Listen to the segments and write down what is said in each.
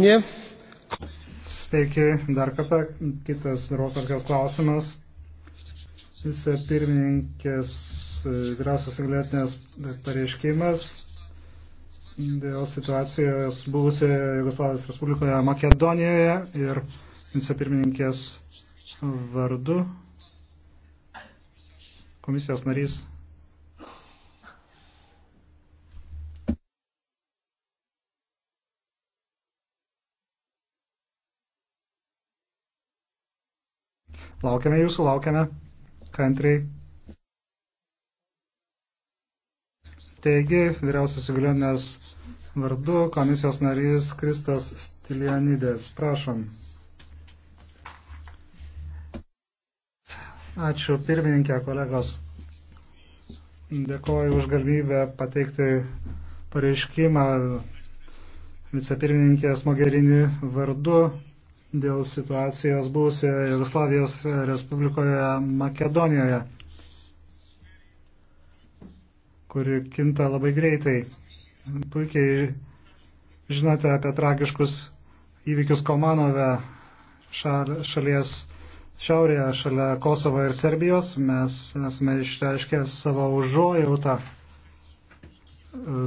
Nė. Sveiki, dar kartą kitas darbotvarkės klausimas. Vice pirmininkės e, vyriausios įgaliotinės pareiškimas dėl situacijos buvusioje Jugoslavijos Respublikoje Makedonijoje ir vicepirmininkės vardu komisijos narys Laukiame jūsų, laukiame kantriai. Taigi, vyriausias įgaliotinės vardu komisijos narys Kristas Stilianidės. Prašom. Ačiū pirmininkė, kolegos. Dėkoju už galimybę pateikti pareiškimą vicepirmininkės Mogerini vardu dėl situacijos buvusioje Jugoslavijos Respublikoje Makedonijoje, kuri kinta labai greitai. Puikiai žinote apie tragiškus įvykius Komanove šal, šalies šiaurėje šalia Kosovo ir Serbijos. Mes esame išreiškę savo užuojautą e,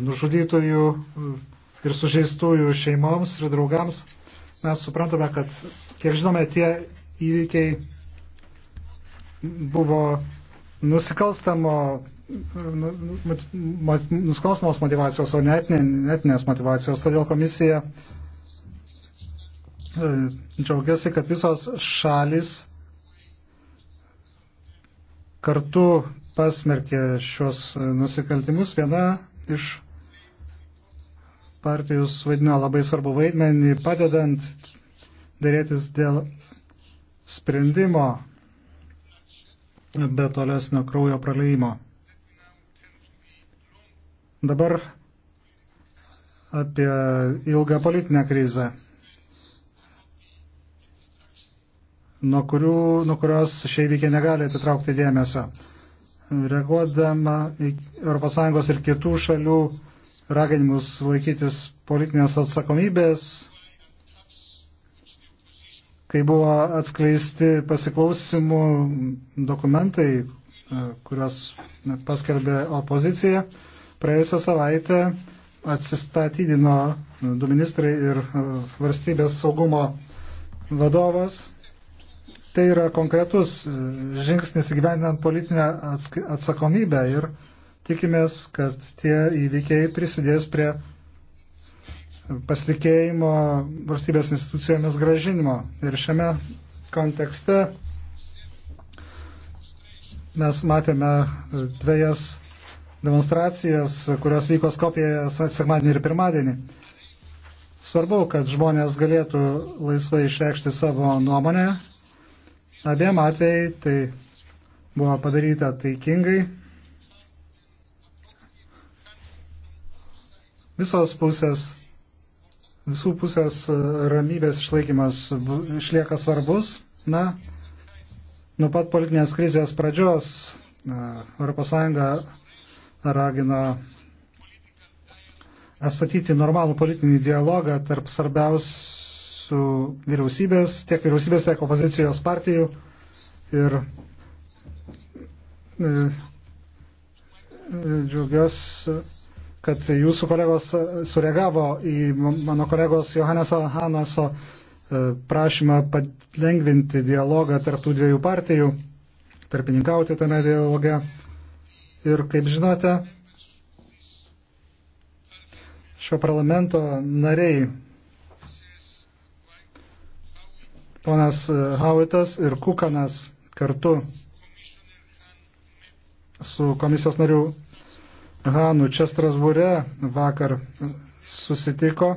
nužudytųjų e, ir sužeistųjų šeimoms ir draugams mes suprantame, kad, kiek žinome, tie įvykiai buvo nusikalstamo, nu, nu, nusikalstamos motivacijos, o ne etinės motivacijos. Todėl komisija e, džiaugiasi, kad visos šalis kartu pasmerkė šios nusikaltimus. Viena iš partijos vaidino labai svarbu vaidmenį, padedant dėrėtis dėl sprendimo be tolesnio kraujo praleimo. Dabar apie ilgą politinę krizę, nuo, kurių, nuo kurios šie įvykiai negali atitraukti dėmesio. Reaguodama į ES ir kitų šalių raginimus laikytis politinės atsakomybės, kai buvo atskleisti pasiklausimų dokumentai, e, kuriuos paskelbė opozicija. Praėjusią savaitę atsistatydino du ministrai ir e, varstybės saugumo vadovas. Tai yra konkretus e, žingsnis įgyvendinant politinę atsakomybę ir Tikimės, kad tie įvykiai prisidės prie pasitikėjimo valstybės institucijomis gražinimo. Ir šiame kontekste mes matėme dviejas demonstracijas, kurios vyko Skopijoje sekmadienį ir pirmadienį. Svarbu, kad žmonės galėtų laisvai išreikšti savo nuomonę. Abiem atvejai tai buvo padaryta taikingai. Visos pusės, visų pusės e, ramybės išlaikymas išlieka svarbus. Na, nuo pat politinės krizės pradžios ES ragina atstatyti normalų politinį dialogą tarp svarbiausių vyriausybės, tiek vyriausybės, tiek opozicijos partijų ir e, e, džiaugiuosi kad jūsų kolegos e, sureagavo į mano kolegos Johaneso Hanaso e, prašymą palengvinti dialogą tarptų dviejų partijų, tarpininkauti tame dialoge. Ir kaip žinote, šio parlamento nariai ponas e, Hauitas ir Kukanas kartu su komisijos nariu Hanų čia Strasbūre vakar susitiko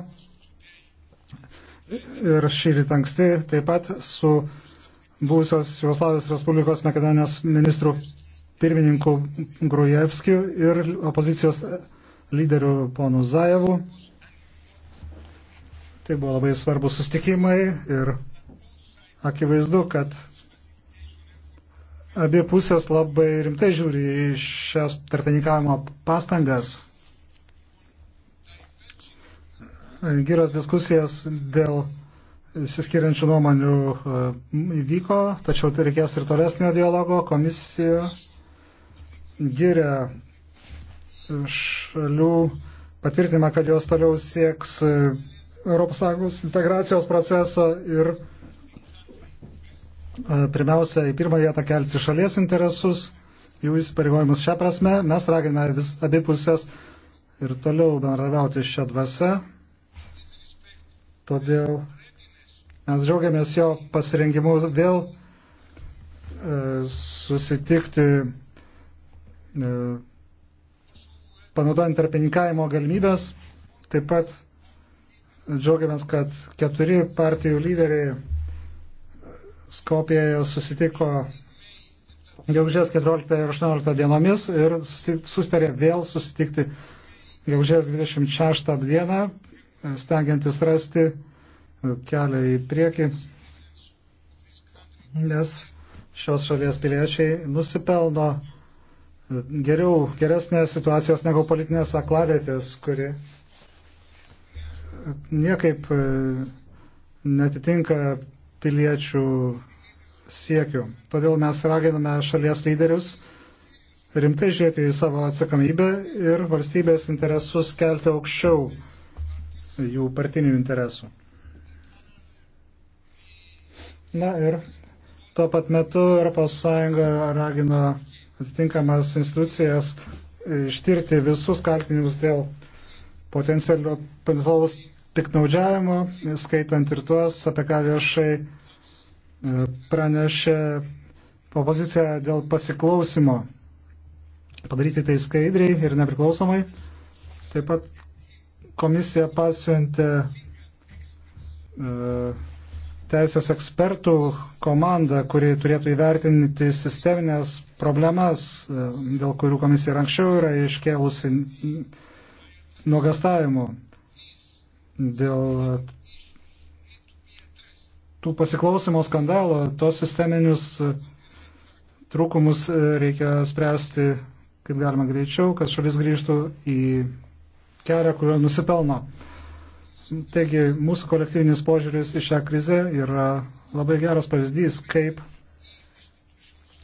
ir šį rytą anksti taip pat su būsios Jugoslavijos Respublikos Makedonijos ministrų pirmininku Grujevskiu ir opozicijos lyderiu ponu Zajevu. Tai buvo labai svarbus sustikimai ir akivaizdu, kad Abie pusės labai rimtai žiūri į šias tarpininkavimo pastangas. Giras diskusijas dėl išsiskiriančių nuomonių e, įvyko, tačiau tai reikės ir tolesnio dialogo. Komisija giria šalių patvirtinimą, kad jos toliau sieks ES integracijos proceso ir E, pirmiausia, į pirmą vietą kelti šalies interesus, jų įsipareigojimus šią prasme. Mes raginame vis abi pusės ir toliau bendradarbiauti šią dvasę. Todėl mes džiaugiamės jo pasirengimu vėl e, susitikti, e, panaudojant tarpininkavimo galimybės. Taip pat džiaugiamės, kad keturi partijų lyderiai Skopėje susitiko gegužės 14 ir 18 dienomis ir sustarė vėl susitikti gegužės 26 dieną, stengiantis rasti kelią į priekį, nes šios šalies piliečiai nusipelno geriau, geresnės situacijos negu politinės aklavėtės, kuri niekaip e, netitinka piliečių siekių. Todėl mes raginame šalies lyderius rimtai žiūrėti į savo atsakomybę ir valstybės interesus kelti aukščiau jų partinių interesų. Na ir tuo pat metu ES ragina atitinkamas institucijas ištirti visus kaltinimus dėl potencialus piknaudžiavimo, skaitant ir tuos, apie ką viešai e, pranešė opozicija dėl pasiklausimo. Padaryti tai skaidriai ir nepriklausomai. Taip pat komisija pasiuntė e, teisės ekspertų komanda, kuri turėtų įvertinti sisteminės problemas, e, dėl kurių komisija ir anksčiau yra iškėlusi nuogastavimų dėl tų pasiklausimo skandalo, tos sisteminius trūkumus e, reikia spręsti kaip galima greičiau, kad šalis grįžtų į kelią, kurio nusipelno. Taigi mūsų kolektyvinis požiūris į šią krizę yra labai geras pavyzdys, kaip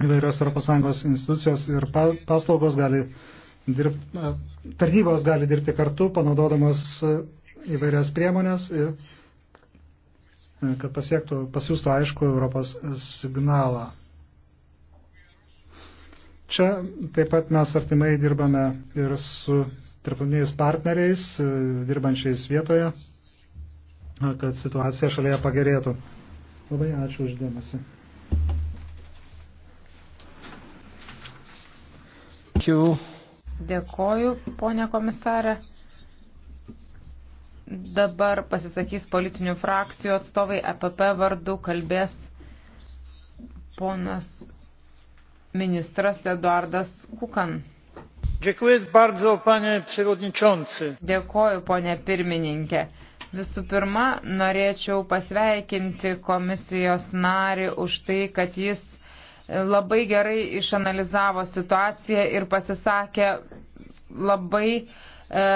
įvairios ES institucijos ir paslaugos gali dirbti, tarnybos gali dirbti kartu, panaudodamas įvairias priemonės, e, kad pasiektų, pasiūstų aišku Europos signalą. Čia taip pat mes artimai dirbame ir su tarptautiniais partneriais, e, dirbančiais vietoje, e, kad situacija šalyje pagerėtų. Labai ačiū uždėmesi. Dėkoju, ponė komisarė. Dabar pasisakys politinių frakcijų atstovai, APP e vardu kalbės ponas ministras Eduardas Kukan. Dėkuoju bardzo, panie przewodniczący. Dėkuoju, ponė pirmininkė. Visų pirma, norėčiau pasveikinti komisijos narį už tai, kad jis labai gerai išanalizavo situaciją ir pasisakė labai e,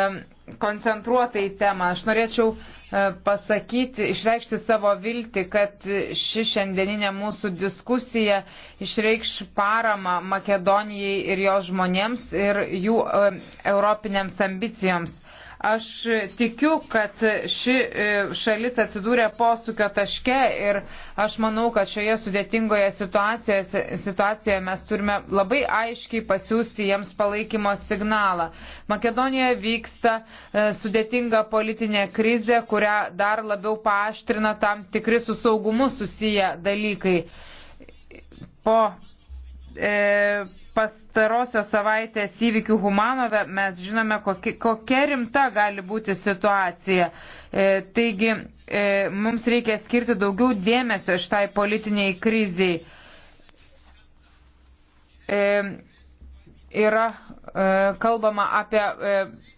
koncentruotai temą. Aš norėčiau e, pasakyti, išreikšti savo viltį, kad ši šiandieninė mūsų diskusija išreikš paramą Makedonijai ir jos žmonėms ir jų e, europinėms ambicijoms. Aš tikiu, kad ši e, šalis atsidūrė posūkio taške ir aš manau, kad šioje sudėtingoje situacijoje, situacijoje mes turime labai aiškiai pasiūsti jiems palaikymo signalą. Makedonijoje vyksta e, sudėtinga politinė krizė, kurią dar labiau paaštrina tam tikri su saugumu susiję dalykai po E, pastarosios savaitės įvykių Humanove mes žinome, kokia, kokia rimta gali būti situacija. E, taigi e, mums reikia skirti daugiau dėmesio šitai politiniai kriziai. Yra kalbama apie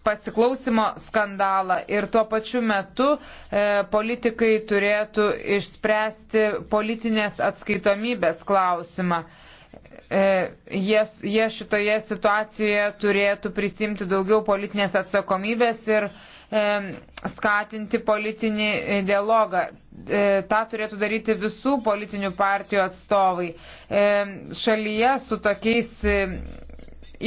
pasiklausimo skandalą ir tuo pačiu metu e, politikai turėtų išspręsti politinės atskaitomybės klausimą. E, E, jie, jie šitoje situacijoje turėtų prisimti daugiau politinės atsakomybės ir e, skatinti politinį dialogą. E, tą turėtų daryti visų politinių partijų atstovai. E, šalyje su tokiais. E,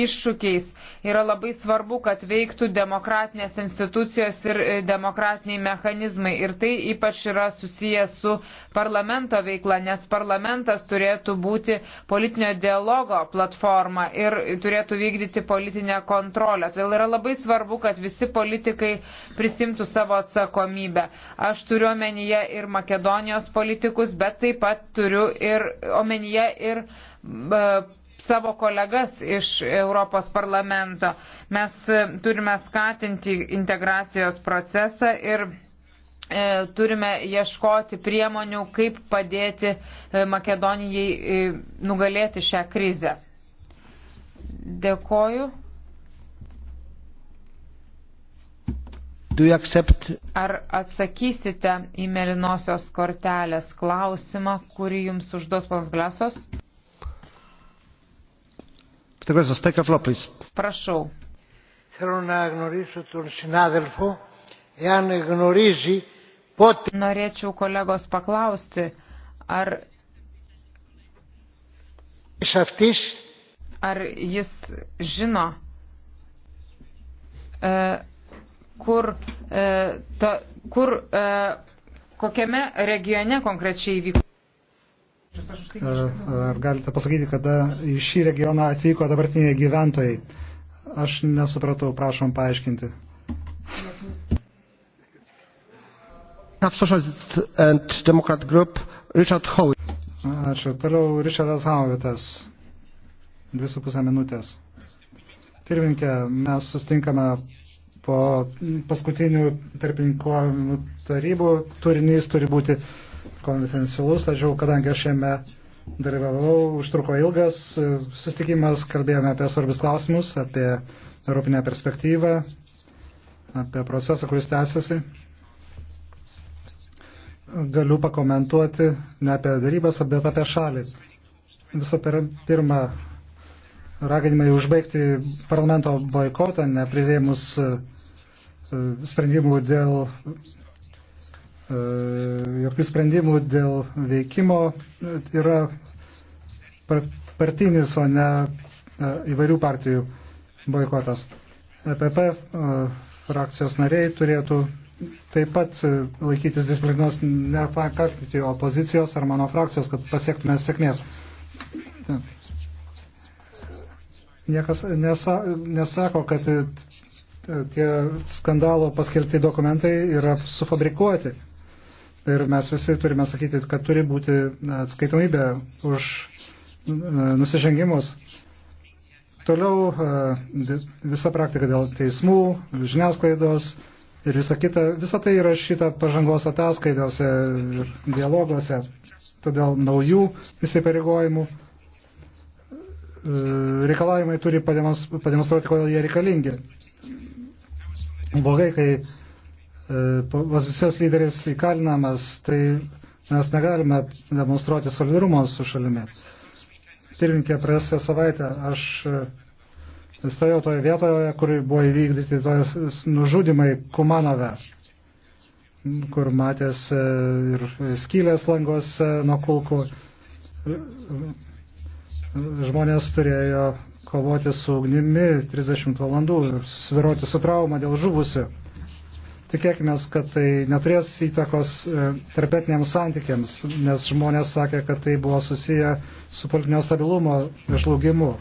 iššūkiais. Yra labai svarbu, kad veiktų demokratinės institucijos ir e, demokratiniai mechanizmai. Ir tai ypač yra susiję su parlamento veikla, nes parlamentas turėtų būti politinio dialogo platforma ir turėtų vykdyti politinę kontrolę. Todėl yra labai svarbu, kad visi politikai prisimtų savo atsakomybę. Aš turiu omenyje ir Makedonijos politikus, bet taip pat turiu ir omenyje ir. Uh, savo kolegas iš Europos parlamento. Mes e, turime skatinti integracijos procesą ir e, turime ieškoti priemonių, kaip padėti e, Makedonijai nugalėti šią krizę. Dėkoju. Ar atsakysite į Melinosios kortelės klausimą, kurį jums užduos panas Glasos? Prašau. Norėčiau kolegos paklausti, ar, ar jis žino, e, kur, e, ta, kur e, kokiame regione konkrečiai vyko. Ar galite pasakyti, kada į šį regioną atvyko dabartiniai gyventojai? Aš nesupratau, prašom paaiškinti. Socialist and Democrat Group, Richard Howitt. Ačiū. Toliau Richardas Howittas. Dvi su pusę minutės. Pirminkė, mes sustinkame po paskutinių tarpininkų tarybų. Turinys turi būti konfidencialus, tačiau kadangi aš jame dalyvavau, užtruko ilgas sustikimas, kalbėjome apie svarbius klausimus, apie europinę perspektyvą, apie procesą, kuris tęsiasi. Galiu pakomentuoti ne apie darybas, bet apie šalį. Visų pirma, raginimai užbaigti parlamento boikotą, neprirėmus e, sprendimų dėl E, jokių sprendimų dėl veikimo e, yra partinis, o ne e, įvairių partijų boikotas. EPP frakcijos nariai turėtų taip pat laikytis disciplinos, nepakartinti opozicijos ar mano frakcijos, kad pasiektume sėkmės. Niekas nesa, nesako, kad tie skandalo paskelbti dokumentai yra sufabrikuoti. Ir mes visi turime sakyti, kad turi būti atskaitomybė už nusižengimus. Toliau visa praktika dėl teismų, žiniasklaidos ir visa kita, visa tai yra šita pažangos ataskaitose ir dialoguose. Todėl naujų įsipareigojimų e, reikalavimai turi pademonstruoti, kodėl jie reikalingi. Blogai, kai E, pozicijos lyderis įkalinamas, tai mes negalime demonstruoti solidarumo su šalimi. Pirminkė, praėjusią savaitę aš e, stovėjau toje vietoje, kur buvo įvykdyti toje nužudimai Kumanove, kur matės e, ir skylės langose nuo kulkų. Žmonės turėjo kovoti su ugnimi 30 valandų ir susidaroti su trauma dėl žuvusių. Tikėkime, kad tai neturės įtakos e, tarpetiniams santykiams, nes žmonės sakė, kad tai buvo susiję su politinio stabilumo žlugimu.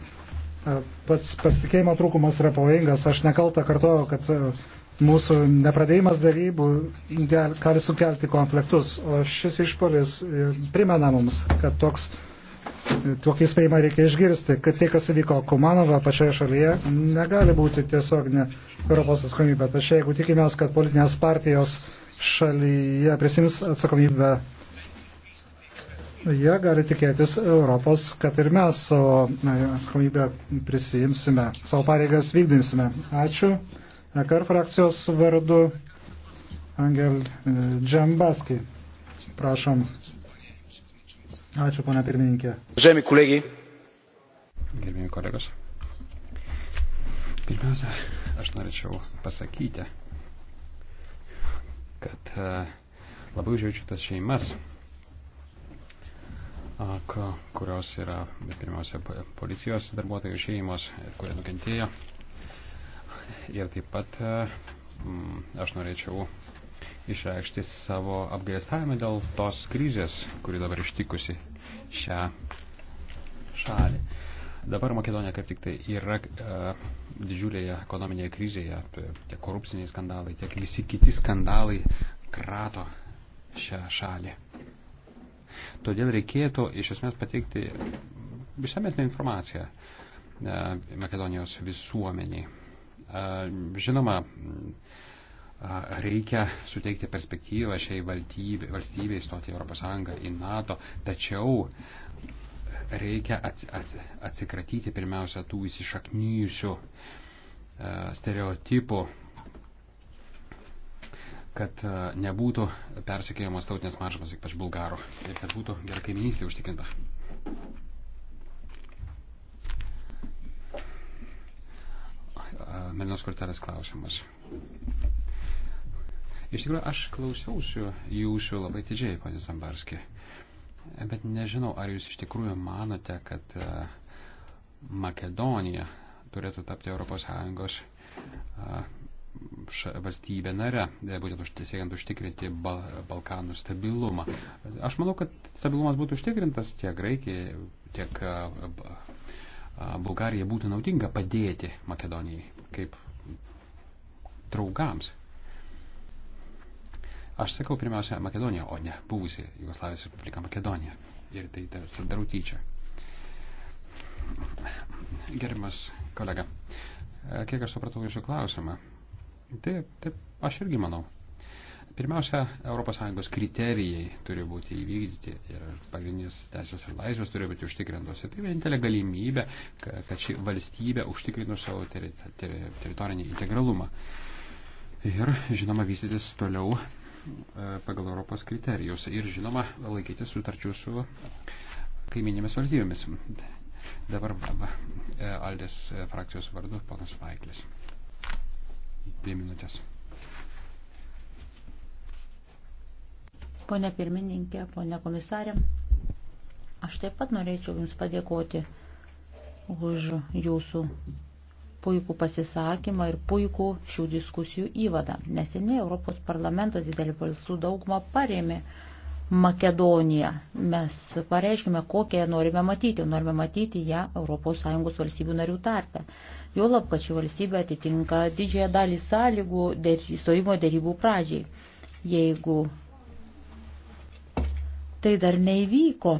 E, pats pasitikėjimo trūkumas yra pavojingas. Aš nekaltą kartuoju, kad e, mūsų nepradėjimas darybų gali sukelti konfliktus, o šis išpolis primena mums, kad toks tokį įspėjimą reikia išgirsti, kad tai, kas įvyko Kumanova pačioje šalyje, negali būti tiesiog ne Europos atsakomybė. Tačiau jeigu tikimės, kad politinės partijos šalyje prisims atsakomybę, jie gali tikėtis Europos, kad ir mes savo atsakomybę prisimsime, savo pareigas vykdysime. Ačiū. Ekar frakcijos vardu Angel e, Džambaski. Prašom. Ačiū, ponia pirmininkė. Žemi kolegiai. Gerbimi kolegos. Pirmiausia, aš norėčiau pasakyti, kad e, labai užjaučiu tas šeimas, kurios yra pirmiausia policijos darbuotojų šeimos, kurie nukentėjo. Ir taip pat e, aš norėčiau išreikšti savo apgailestavimą dėl tos krizės, kuri dabar ištikusi šią šalį. Dabar Makedonija kaip tik tai yra e, didžiulėje ekonominėje krizėje, tiek korupciniai skandalai, tiek visi kiti skandalai krato šią šalį. Todėl reikėtų iš esmės pateikti išsamesnę informaciją e, Makedonijos visuomeniai. E, žinoma, e, reikia suteikti perspektyvą šiai valstybei, valstybei įstoti Europos Sąjungą į NATO, tačiau reikia atsikratyti pirmiausia tų įsišaknyjusių e, stereotipų, kad e, nebūtų persikėjamos tautinės mažumas, ypač bulgarų, ir kad būtų gera kaiminystė užtikrinta. Melinos kortelės klausimas. Iš tikrųjų, aš klausiausiu jūsų labai didžiai, ponė Zambarskė. Bet nežinau, ar jūs iš tikrųjų manote, kad e, Makedonija turėtų tapti ES e, valstybė nare, e, būtent siekiant užtikrinti Bal Balkanų stabilumą. Aš manau, kad stabilumas būtų užtikrintas tiek Graikijai, tiek Bulgarijai būtų naudinga padėti Makedonijai kaip draugams. Aš sakau pirmiausia Makedonija, o ne buvusi Jugoslavijos Respublika Makedonija. Ir tai tarsi darau tyčia. Gerimas kolega, kiek aš supratau jūsų klausimą, taip, taip, aš irgi manau. Pirmiausia, ES kriterijai turi būti įvykdyti ir pagrindinis teisės ir laisvės turi būti užtikrintos. Tai vienintelė galimybė, kad ši valstybė užtikrintų savo teri teri teritorinį integralumą. Ir, žinoma, vystytis toliau E, pagal Europos kriterijus ir žinoma laikyti sutarčių su kaiminėmis valstybėmis. Dabar e, Aldės frakcijos vardu ponas Vaiklis. Dvi minutės. Pone pirmininkė, pone komisarė, aš taip pat norėčiau Jums padėkoti už Jūsų puikų pasisakymą ir puikų šių diskusijų įvadą. Neseniai Europos parlamentas didelį balsų daugumą parėmė Makedoniją. Mes pareiškime, kokią ją norime matyti. Norime matyti ją ES valstybių narių tarpe. Juolab, kad ši valstybė atitinka didžiąją dalį sąlygų įstojimo dėrybų pradžiai. Jeigu tai dar neįvyko,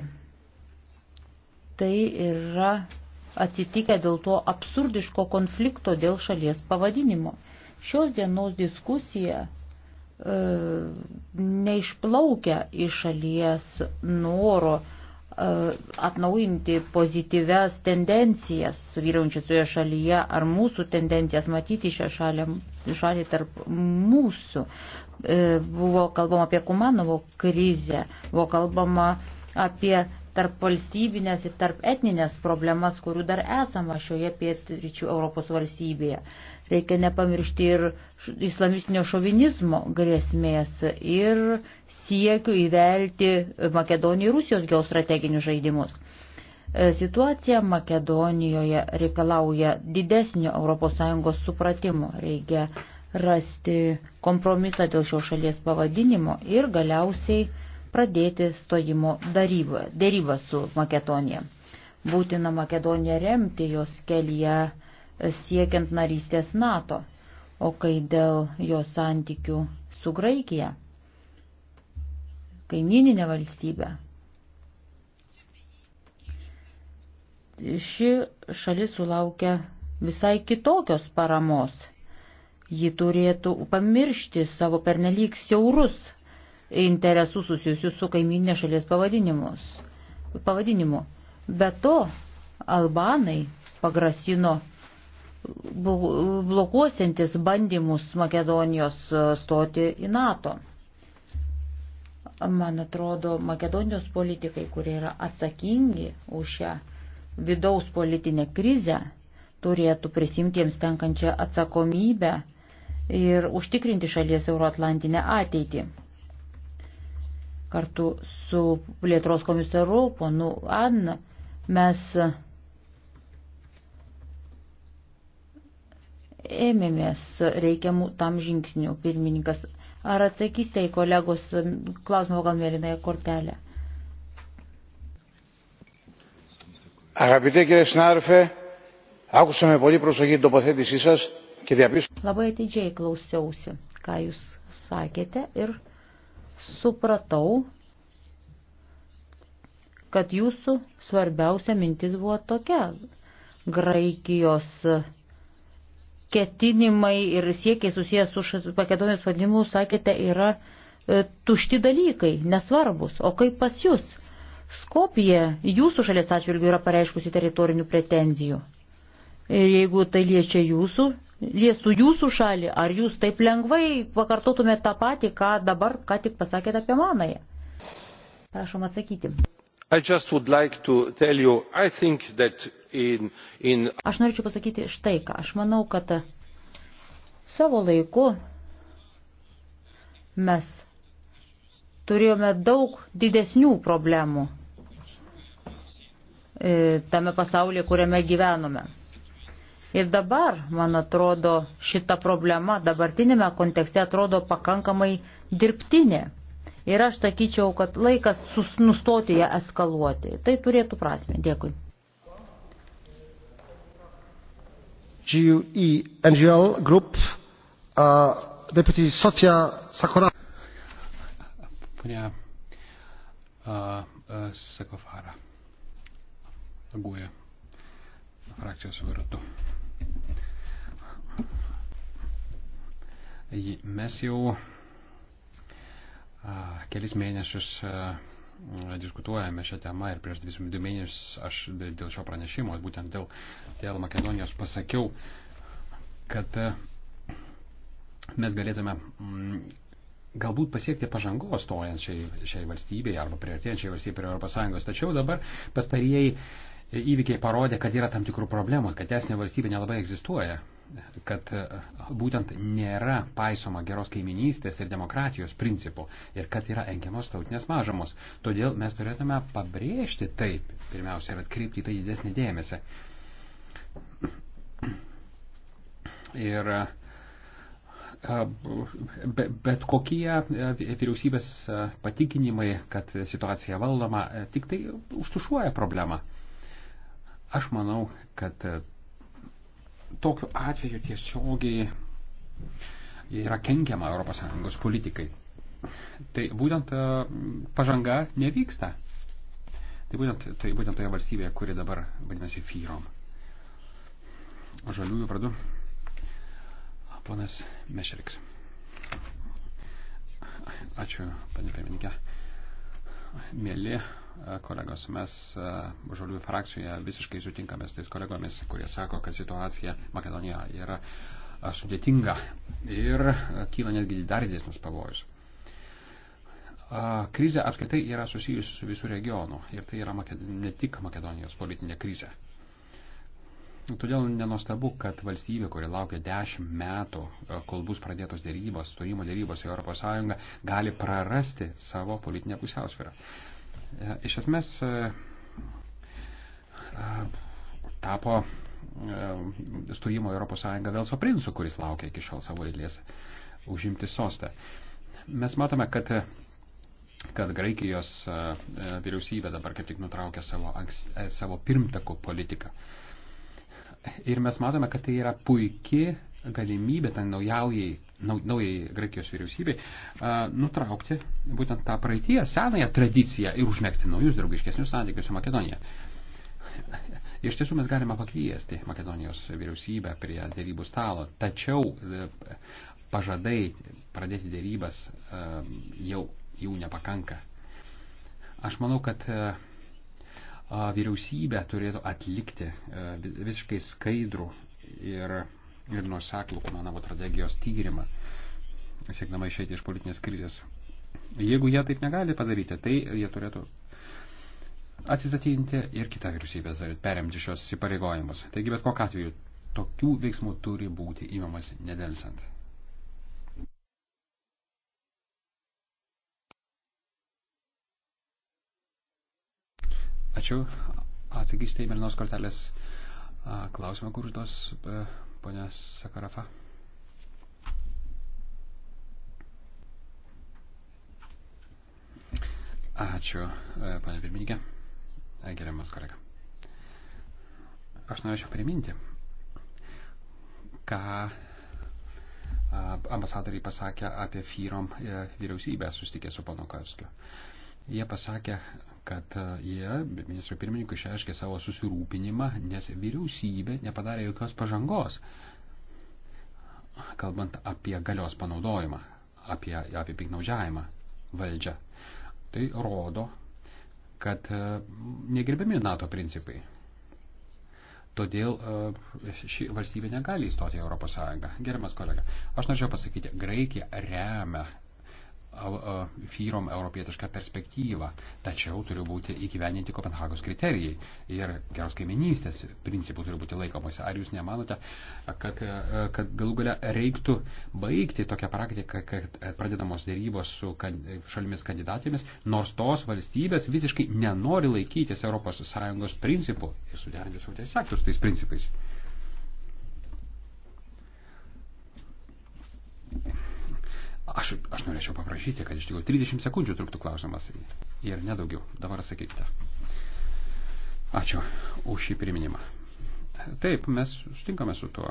tai yra atsitikę dėl to absurdiško konflikto dėl šalies pavadinimo. Šios dienos diskusija e, neišplaukia iš šalies noro e, atnaujinti pozityves tendencijas vyraujančias šioje šalyje ar mūsų tendencijas matyti šią šalį, šalį tarp mūsų. E, buvo kalbama apie Kumanovo krizę, buvo kalbama apie tarp valstybinės ir tarp etninės problemas, kurių dar esama šioje pietryčių Europos valstybėje. Reikia nepamiršti ir islamistinio šovinizmo grėsmės ir siekių įvelti Makedonijų ir Rusijos geostrateginius žaidimus. E, situacija Makedonijoje reikalauja didesnio ES supratimo. Reikia rasti kompromisą dėl šios šalies pavadinimo ir galiausiai pradėti stojimo dėrybą su Makedonija. Būtina Makedoniją remti jos kelyje e, siekiant narystės NATO, o kai dėl jos santykių su Graikija, kaimininė valstybė. Ši šalis sulaukia visai kitokios paramos. Ji turėtų pamiršti savo pernelyg siaurus interesų susijusių su kaiminė šalies pavadinimu. Be to, Albanai pagrasino blokuosiantis bandymus Makedonijos e, stoti į NATO. Man atrodo, Makedonijos politikai, kurie yra atsakingi už šią vidaus politinę krizę, turėtų prisimti jiems tenkančią atsakomybę ir užtikrinti šalies euroatlantinę ateitį kartu su plėtros komisaru, ponu Anna, mes ėmėmės reikiamų tam žingsnių, pirmininkas. Ar atsakysite į kolegos klausimą gal mėlynąją kortelę? Αγαπητέ κύριε συνάδελφε, άκουσα με πολύ προσοχή την τοποθέτησή σας και διαπίστωσα. Labai atidžiai klausiausi, ką jūs sakėte ir supratau, kad jūsų svarbiausia mintis buvo tokia. Graikijos ketinimai ir siekiai susijęs su paketonės vadinimu, sakėte, yra e, tušti dalykai, nesvarbus. O kaip pas jūs? Skopija jūsų šalies atžvilgių yra pareiškusi teritorinių pretenzijų. Ir e, jeigu tai liečia jūsų liestų jūsų šalį, ar jūs taip lengvai pakartotumėte tą patį, ką dabar ką tik pasakėte apie manąją? Prašom atsakyti. Like you, in, in... Aš norėčiau pasakyti štai ką. Aš manau, kad savo laiku mes turėjome daug didesnių problemų e, tame pasaulyje, kuriame gyvenome. Ir dabar, man atrodo, šita problema dabartinėme kontekste atrodo pakankamai dirbtinė. Ir aš sakyčiau, kad laikas sus, nustoti ją eskaluoti. Tai turėtų prasme. Dėkui. GUE NGL Group, uh, deputy Sofia Sakora. Ponia uh, uh, Sakofara. Aguja frakcijos vardu. Mes jau kelis mėnesius diskutuojame šią temą ir prieš 22 mėnesius aš dėl šio pranešimo, būtent dėl, dėl Makedonijos pasakiau, kad mes galėtume mm, galbūt pasiekti pažangos stojant šiai, šiai valstybei arba prieartėjančiai valstybei prie Europos Sąjungos. Tačiau dabar pastarieji įvykiai parodė, kad yra tam tikrų problemų, kad teisinė valstybė nelabai egzistuoja kad e, būtent nėra paisoma geros kaiminystės ir demokratijos principų ir kad yra engiamos tautinės mažamos. Todėl mes turėtume pabrėžti taip, pirmiausia, ir atkreipti į tai didesnį dėmesį. Ir e, bet kokie e, vyriausybės patikinimai, kad situacija valdoma, tik tai užtušuoja problemą. Aš manau, kad tokiu atveju tiesiogiai yra kenkiama ES politikai. Tai būtent e, pažanga nevyksta. Tai būtent, tai būtent toje valstybėje, kuri dabar vadinasi Fyrom. Žaliųjų vardu ponas Mešeriks. Ačiū, panė pirmininkė. Mėly E, kolegos. Mes e, žaliųjų frakcijoje visiškai sutinkame su tais kolegomis, kurie sako, kad situacija Makedonijoje yra e, sudėtinga ir kyla netgi dar didesnis pavojus. Krize apskaitai yra susijusi su visų regionų ir tai yra ne tik Makedonijos politinė krize. Todėl nenostabu, kad valstybė, kuri laukia dešimt metų, kol bus pradėtos dėrybos, stojimo dėrybos į ES, gali prarasti savo politinę pusiausvyrą iš esmės e, e, tapo e, stojimo Europos Sąjunga Velso princu, kuris laukia iki šiol savo eilės užimti sostą. Mes matome, kad, kad Graikijos vyriausybė dabar kaip tik nutraukė savo, savo pirmtako politiką. Ir mes matome, kad tai yra puikia galimybė ten naujaujai naujai Graikijos vyriausybei nutraukti būtent tą praeitie senąją tradiciją ir užmėgsti naujus draugiškesnius santykius su Makedonija. Iš tiesų mes galime pakviesti Makedonijos vyriausybę prie dėrybų stalo, tačiau e, pažadai pradėti dėrybas e, jau jų nepakanka. Aš manau, kad e, vyriausybė turėtų atlikti visiškai skaidrų ir ir nuoseklų Kumanavo strategijos tyrimą, siekdama išeiti iš politinės krizės. Jeigu jie taip negali padaryti, tai jie turėtų atsistatydinti ir kitą vyriausybę perimti šios įpareigojimus. Taigi bet kokiu atveju tokių veiksmų turi būti įmamas nedelsant. Ačiū. Atsakysite tai į Melinos kortelės klausimą, kur užduos ponia Sakarafa. Ačiū, e, ponia pirmininkė. E, Geriamas kolega. Aš norėčiau priminti, ką ambasadoriai pasakė apie Fyrom e, vyriausybę sustikę su panu Karskiu. Jie pasakė, kad e, jie ministrui pirmininkui išreiškė savo susirūpinimą, nes vyriausybė nepadarė jokios pažangos, kalbant apie galios panaudojimą, apie, apie piknaudžiavimą valdžią. Tai rodo, kad e, negerbiami NATO principai. Todėl e, ši valstybė negali įstoti į Europos Sąjungą. Gerimas kolega, aš norėčiau pasakyti, Graikija remia vyrom europietišką perspektyvą, tačiau turi būti įgyveninti Kopenhagos kriterijai ir geros kaiminystės principų turi būti laikomasi. Ar jūs nemanote, kad, kad galų gale reiktų baigti tokią praktiką, kad pradedamos dėrybos su šalimis kandidatėmis, nors tos valstybės visiškai nenori laikytis ES principų ir suderinti savo teisės aktus tais principais? Aš, aš norėčiau paprašyti, kad iš tikrųjų 30 sekundžių truktų klausimas ir nedaugiau. Dabar sakykite. Ačiū už šį priminimą. Taip, mes sutinkame su tuo.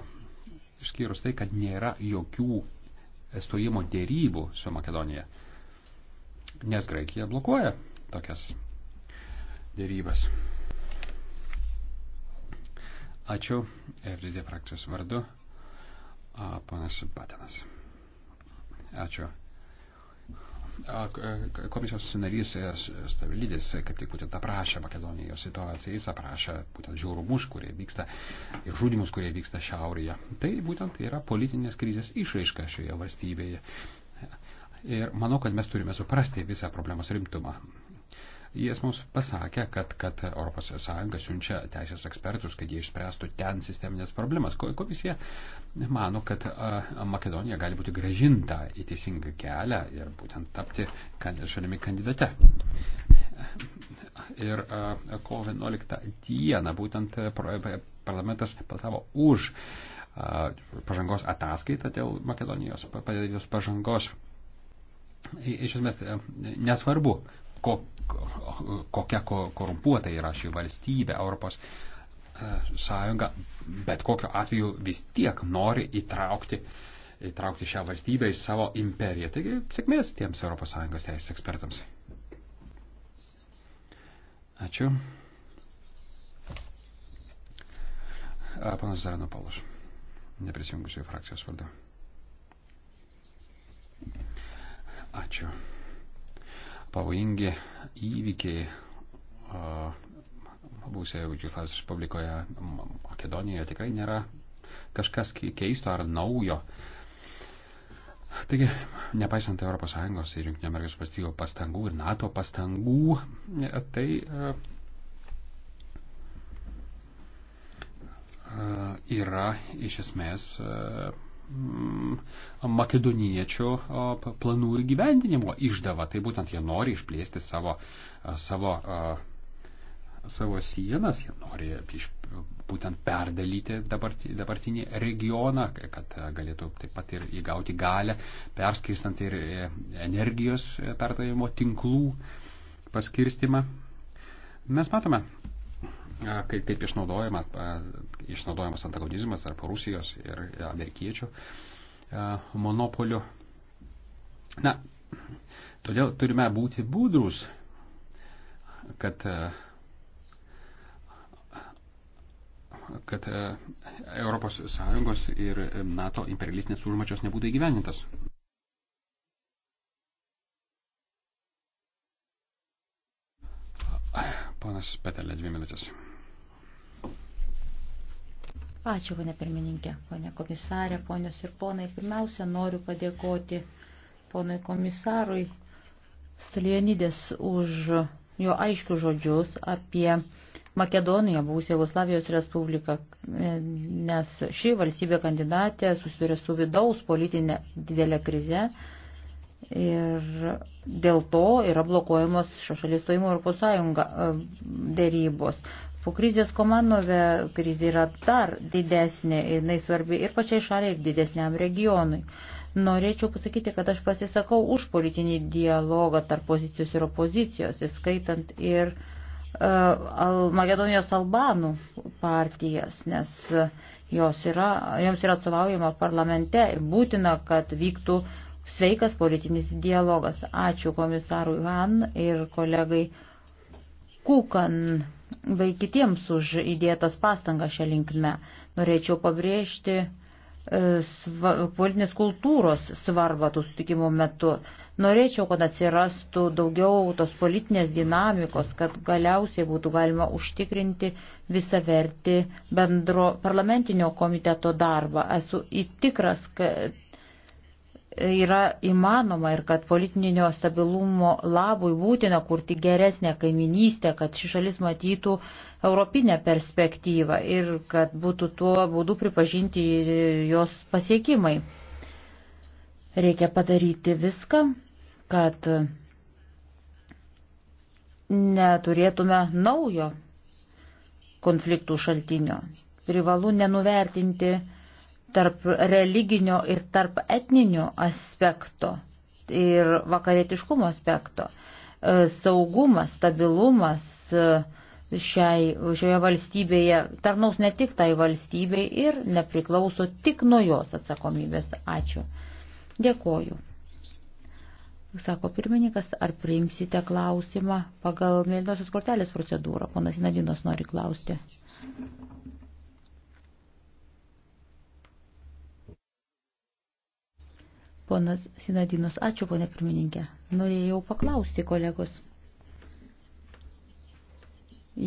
Išskyrus tai, kad nėra jokių stojimo dėrybų su Makedonija. Nes Graikija blokuoja tokias dėrybas. Ačiū FDD frakcijos vardu. Ponas Batinas. Ačiū. Komisijos narys Stavilydis, kaip tik būtent aprašė Makedonijos situaciją, jis aprašė būtent žiaurumus, kurie vyksta ir žudimus, kurie vyksta šiaurėje. Tai būtent tai yra politinės krizės išraiška šioje valstybėje. Ir manau, kad mes turime suprasti visą problemos rimtumą. Jis mums pasakė, kad, kad ES siunčia teisės ekspertus, kad jie išspręstų ten sisteminės problemas. Komisija mano, kad Makedonija gali būti gražinta į teisingą kelią ir būtent tapti šalimi kandidate. Ir kovo 11 dieną būtent parlamentas balsavo už pažangos ataskaitą dėl Makedonijos padarytos pažangos. Iš esmės e, nesvarbu, kokia korumpuota yra ši valstybė, Europos e, sąjunga, bet kokiu atveju vis tiek nori įtraukti, įtraukti šią valstybę į savo imperiją. Taigi sėkmės tiems Europos sąjungos teisės ekspertams. Ačiū. Panas Zarano Paulus, neprisijungusiu frakcijos vardu. Ačiū pavojingi įvykiai būsėje Jugoslavijos Respublikoje, Makedonijoje tikrai nėra kažkas keisto ar naujo. Taigi, nepaisant ES ir JAV pastangų ir NATO pastangų, tai e, e, yra iš esmės e, Mm, makedoniečių planų įgyvendinimo išdava. Tai būtent jie nori išplėsti savo, savo, savo sienas, jie nori iš, būtent perdalyti dabartinį, dabartinį regioną, kad galėtų taip pat ir įgauti galę, perskirstant ir e, energijos e, perdavimo tinklų paskirstimą. Mes matome, kaip, kaip išnaudojama, išnaudojamas antagonizmas tarp Rusijos ir amerikiečių monopolių. Na, todėl turime būti būdrus, kad, kad ES ir NATO imperialistinės užmačios nebūtų įgyvenintas. Ponas Petelė, dvi minutės. Ačiū, ponė pirmininkė, ponė komisarė, ponios ir ponai. Pirmiausia, noriu padėkoti ponui komisarui Stalienidės už jo aiškius žodžius apie Makedoniją, buvusią Jugoslavijos Respubliką, nes ši valstybė kandidatė susiduria su vidaus politinė didelė krize ir dėl to yra blokuojamos šio šalies stojimo Europos Sąjunga e, dėrybos. Po krizės komandove krizė yra dar didesnė, jinai svarbi ir pačiai šaliai, ir didesniam regionui. Norėčiau pasakyti, kad aš pasisakau už politinį dialogą tarp pozicijos ir opozicijos, įskaitant ir uh, Makedonijos albanų partijas, nes e, jos yra, joms yra atstovaujama parlamente. Būtina, kad vyktų sveikas politinis dialogas. Ačiū komisarui Han ir kolegai Kukan bei kitiems už įdėtas pastangas šią linkme. Norėčiau pabrėžti e, sva, politinės kultūros svarbą tų sutikimų metu. Norėčiau, kad atsirastų daugiau tos politinės dinamikos, kad galiausiai būtų galima užtikrinti visą verti bendro parlamentinio komiteto darbą. Esu įtikras, kad yra įmanoma ir kad politinio stabilumo labui būtina kurti geresnę kaiminystę, kad ši šalis matytų europinę perspektyvą ir kad būtų tuo būdu pripažinti jos pasiekimai. Reikia padaryti viską, kad neturėtume naujo konfliktų šaltinio. Privalu nenuvertinti tarp religinio ir tarp etninio aspekto ir vakarietiškumo aspekto. E, saugumas, stabilumas e, šiai, šioje valstybėje tarnaus ne tik tai valstybei ir nepriklauso tik nuo jos atsakomybės. Ačiū. Dėkoju. Sako pirmininkas, ar priimsite klausimą pagal mėlynosios kortelės procedūrą? Ponas Nadinos nori klausti. Ponas Sinadinos, ačiū, ponė pirmininkė. Norėjau paklausti kolegos.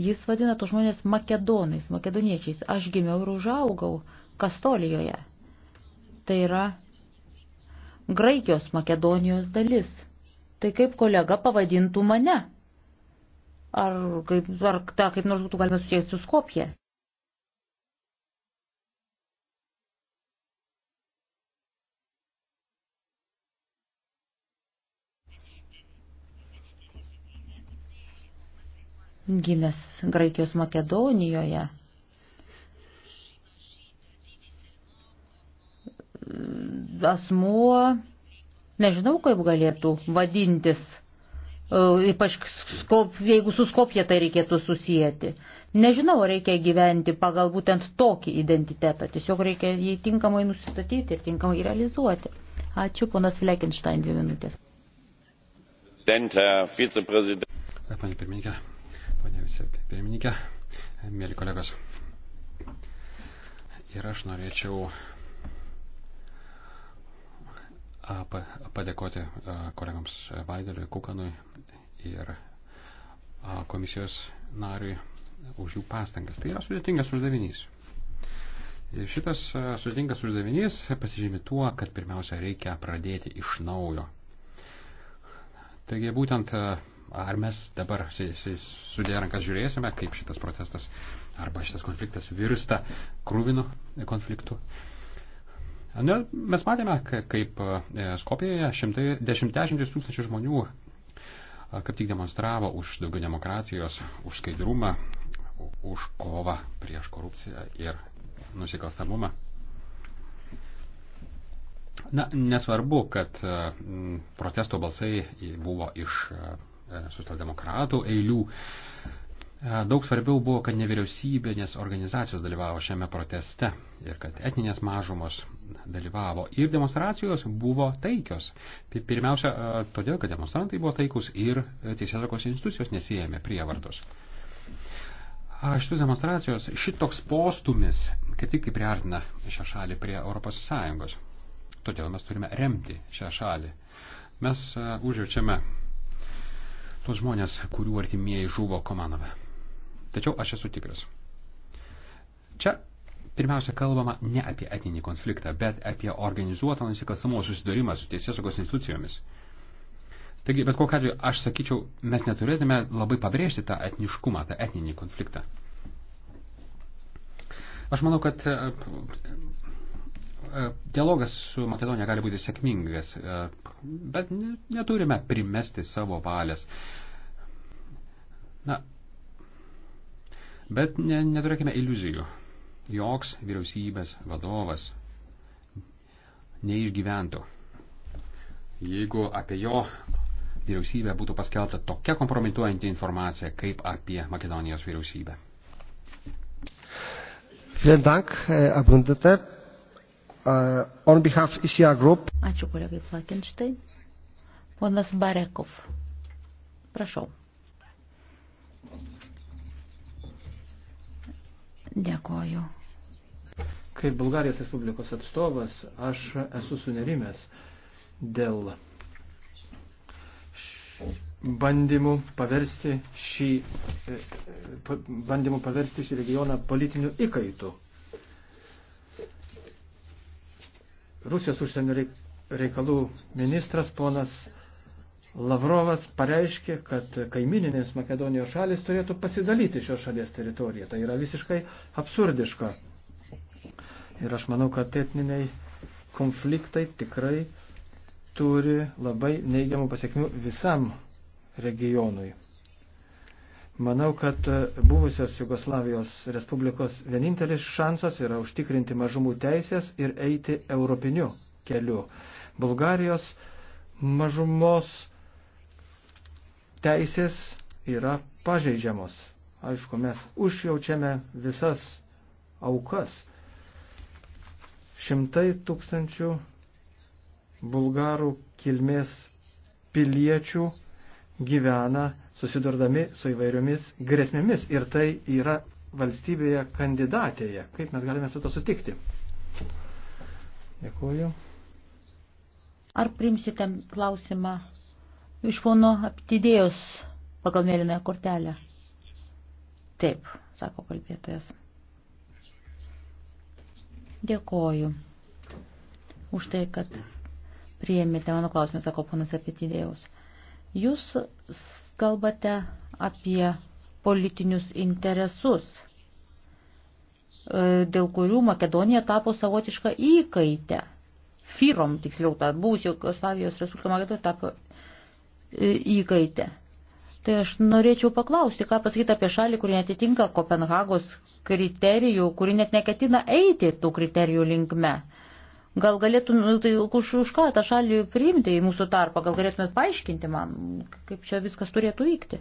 Jis vadina tos žmonės makedonais, makedoniečiais. Aš gimiau ir užaugau Kastolijoje. Tai yra Graikijos Makedonijos dalis. Tai kaip kolega pavadintų mane? Ar, kaip, ar tą kaip nors būtų galima susijęti su Skopje? gimęs Graikijos Makedonijoje. Asmuo, nežinau, kaip galėtų vadintis, e, ypač skop, jeigu su Skopje tai reikėtų susijęti. Nežinau, reikia gyventi pagal būtent tokį identitetą, tiesiog reikia jį tinkamai nusistatyti ir tinkamai realizuoti. Ačiū, ponas Fleckenstein, dvi minutės. Pane pirmininkė, ponė visi pirmininkė, mėly kolegos. Ir aš norėčiau padėkoti kolegams Vaideliui, Kukanui ir komisijos nariui už jų pastangas. Tai yra sudėtingas uždavinys. Ir šitas sudėtingas uždavinys pasižymi tuo, kad pirmiausia reikia pradėti iš naujo. Taigi būtent Ar mes dabar sudėję rankas žiūrėsime, kaip šitas protestas arba šitas konfliktas virsta krūvinu konfliktu? Ne, mes matėme, kaip e, Skopijoje šimtai, dešimtešimtis tūkstančių žmonių kaip tik demonstravo už daugiau demokratijos, už skaidrumą, už kovą prieš korupciją ir nusikalstamumą. Na, nesvarbu, kad e, protesto balsai buvo iš e, E, socialdemokratų eilių. E, daug svarbiau buvo, kad nevyriausybinės organizacijos dalyvavo šiame proteste ir kad etninės mažumos dalyvavo. Ir demonstracijos buvo taikios. Pirmiausia, e, todėl, kad demonstrantai buvo taikus ir teisėsakos institucijos nesijėmė prievartos. Šitos demonstracijos, šitoks postumis, kaip tik priartina šią šalį prie ES. Todėl mes turime remti šią šalį. Mes užjaučiame tos žmonės, kurių artimieji žuvo Komanove. Tačiau aš esu tikras. Čia pirmiausia kalbama ne apie etinį konfliktą, bet apie organizuotą nusikalstamo susidarimą su teisėsaugos institucijomis. Taigi, bet kokiu atveju, aš sakyčiau, mes neturėtume labai pabrėžti tą etniškumą, tą etninį konfliktą. Aš manau, kad E, dialogas su Makedonija gali būti sėkmingas, e, bet neturime primesti savo valės. Na, bet ne, neturėkime iliuzijų. Joks vyriausybės vadovas neišgyventų, jeigu apie jo vyriausybę būtų paskelbta tokia kompromituojanti informacija kaip apie Makedonijos vyriausybę. Vielen Dank, Herr Abgeordneter. Uh, on behalf ICR e Group. Ačiū kolegai Flakenštai. Ponas Barekov. Prašau. Dėkoju. Kaip Bulgarijos Respublikos atstovas, aš esu sunerimęs dėl bandymų paversti šį, e, e, bandymų paversti šį regioną politiniu įkaitu. Rusijos užsienio reikalų ministras ponas Lavrovas pareiškė, kad kaimininės Makedonijos šalis turėtų pasidalyti šios šalies teritoriją. Tai yra visiškai absurdiška. Ir aš manau, kad etniniai konfliktai tikrai turi labai neigiamų pasiekmių visam regionui. Manau, kad e, buvusios Jugoslavijos Respublikos vienintelis šansas yra užtikrinti mažumų teisės ir eiti europiniu keliu. Bulgarijos mažumos teisės yra pažeidžiamos. Aišku, mes užjaučiame visas aukas. Šimtai tūkstančių bulgarų kilmės piliečių gyvena susidurdami su įvairiomis grėsmėmis ir tai yra valstybėje kandidatėje. Kaip mes galime su to sutikti? Dėkuoju. Ar primsite klausimą iš pono aptidėjus pagal mėlynąją kortelę? Taip, sako kalbėtojas. Dėkoju už tai, kad priėmėte mano klausimą, sako ponas aptidėjus. Jūs kalbate apie politinius interesus, e, dėl kurių Makedonija tapo savotišką įkaitę. Firom, tiksliau, ta būs Jugoslavijos Respublika Makedonija tapo e, įkaitę. Tai aš norėčiau paklausti, ką pasakyti apie šalį, kuri netitinka Kopenhagos kriterijų, kuri net neketina eiti tų kriterijų linkme. Gal galėtumėte nu, tai už, už ką tą šalį priimti į mūsų tarpą, gal galėtumėte paaiškinti man, kaip čia viskas turėtų vykti.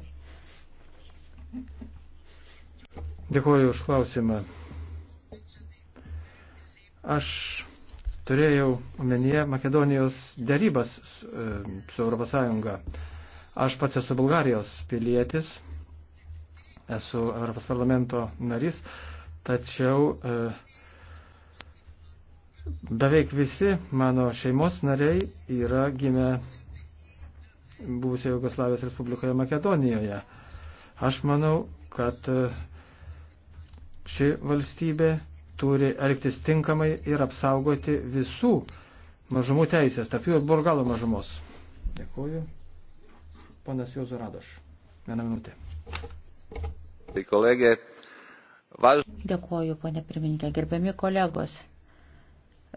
Dėkuoju už klausimą. Aš turėjau omenyje Makedonijos dėrybas su ES. Aš pats esu Bulgarijos pilietis, esu Europos parlamento narys, tačiau e, Beveik visi mano šeimos nariai yra gimę buvusioje Jugoslavijos Respublikoje Makedonijoje. Aš manau, kad e, ši valstybė turi elgtis tinkamai ir apsaugoti visų mažumų teisės, tarp jų ir burgalo mažumos. Dėkuoju. Ponas Juozo Radoš. Vieną minutę. Tai kolegė, važ... Dėkuoju, ponė pirmininkė. Gerbiami kolegos.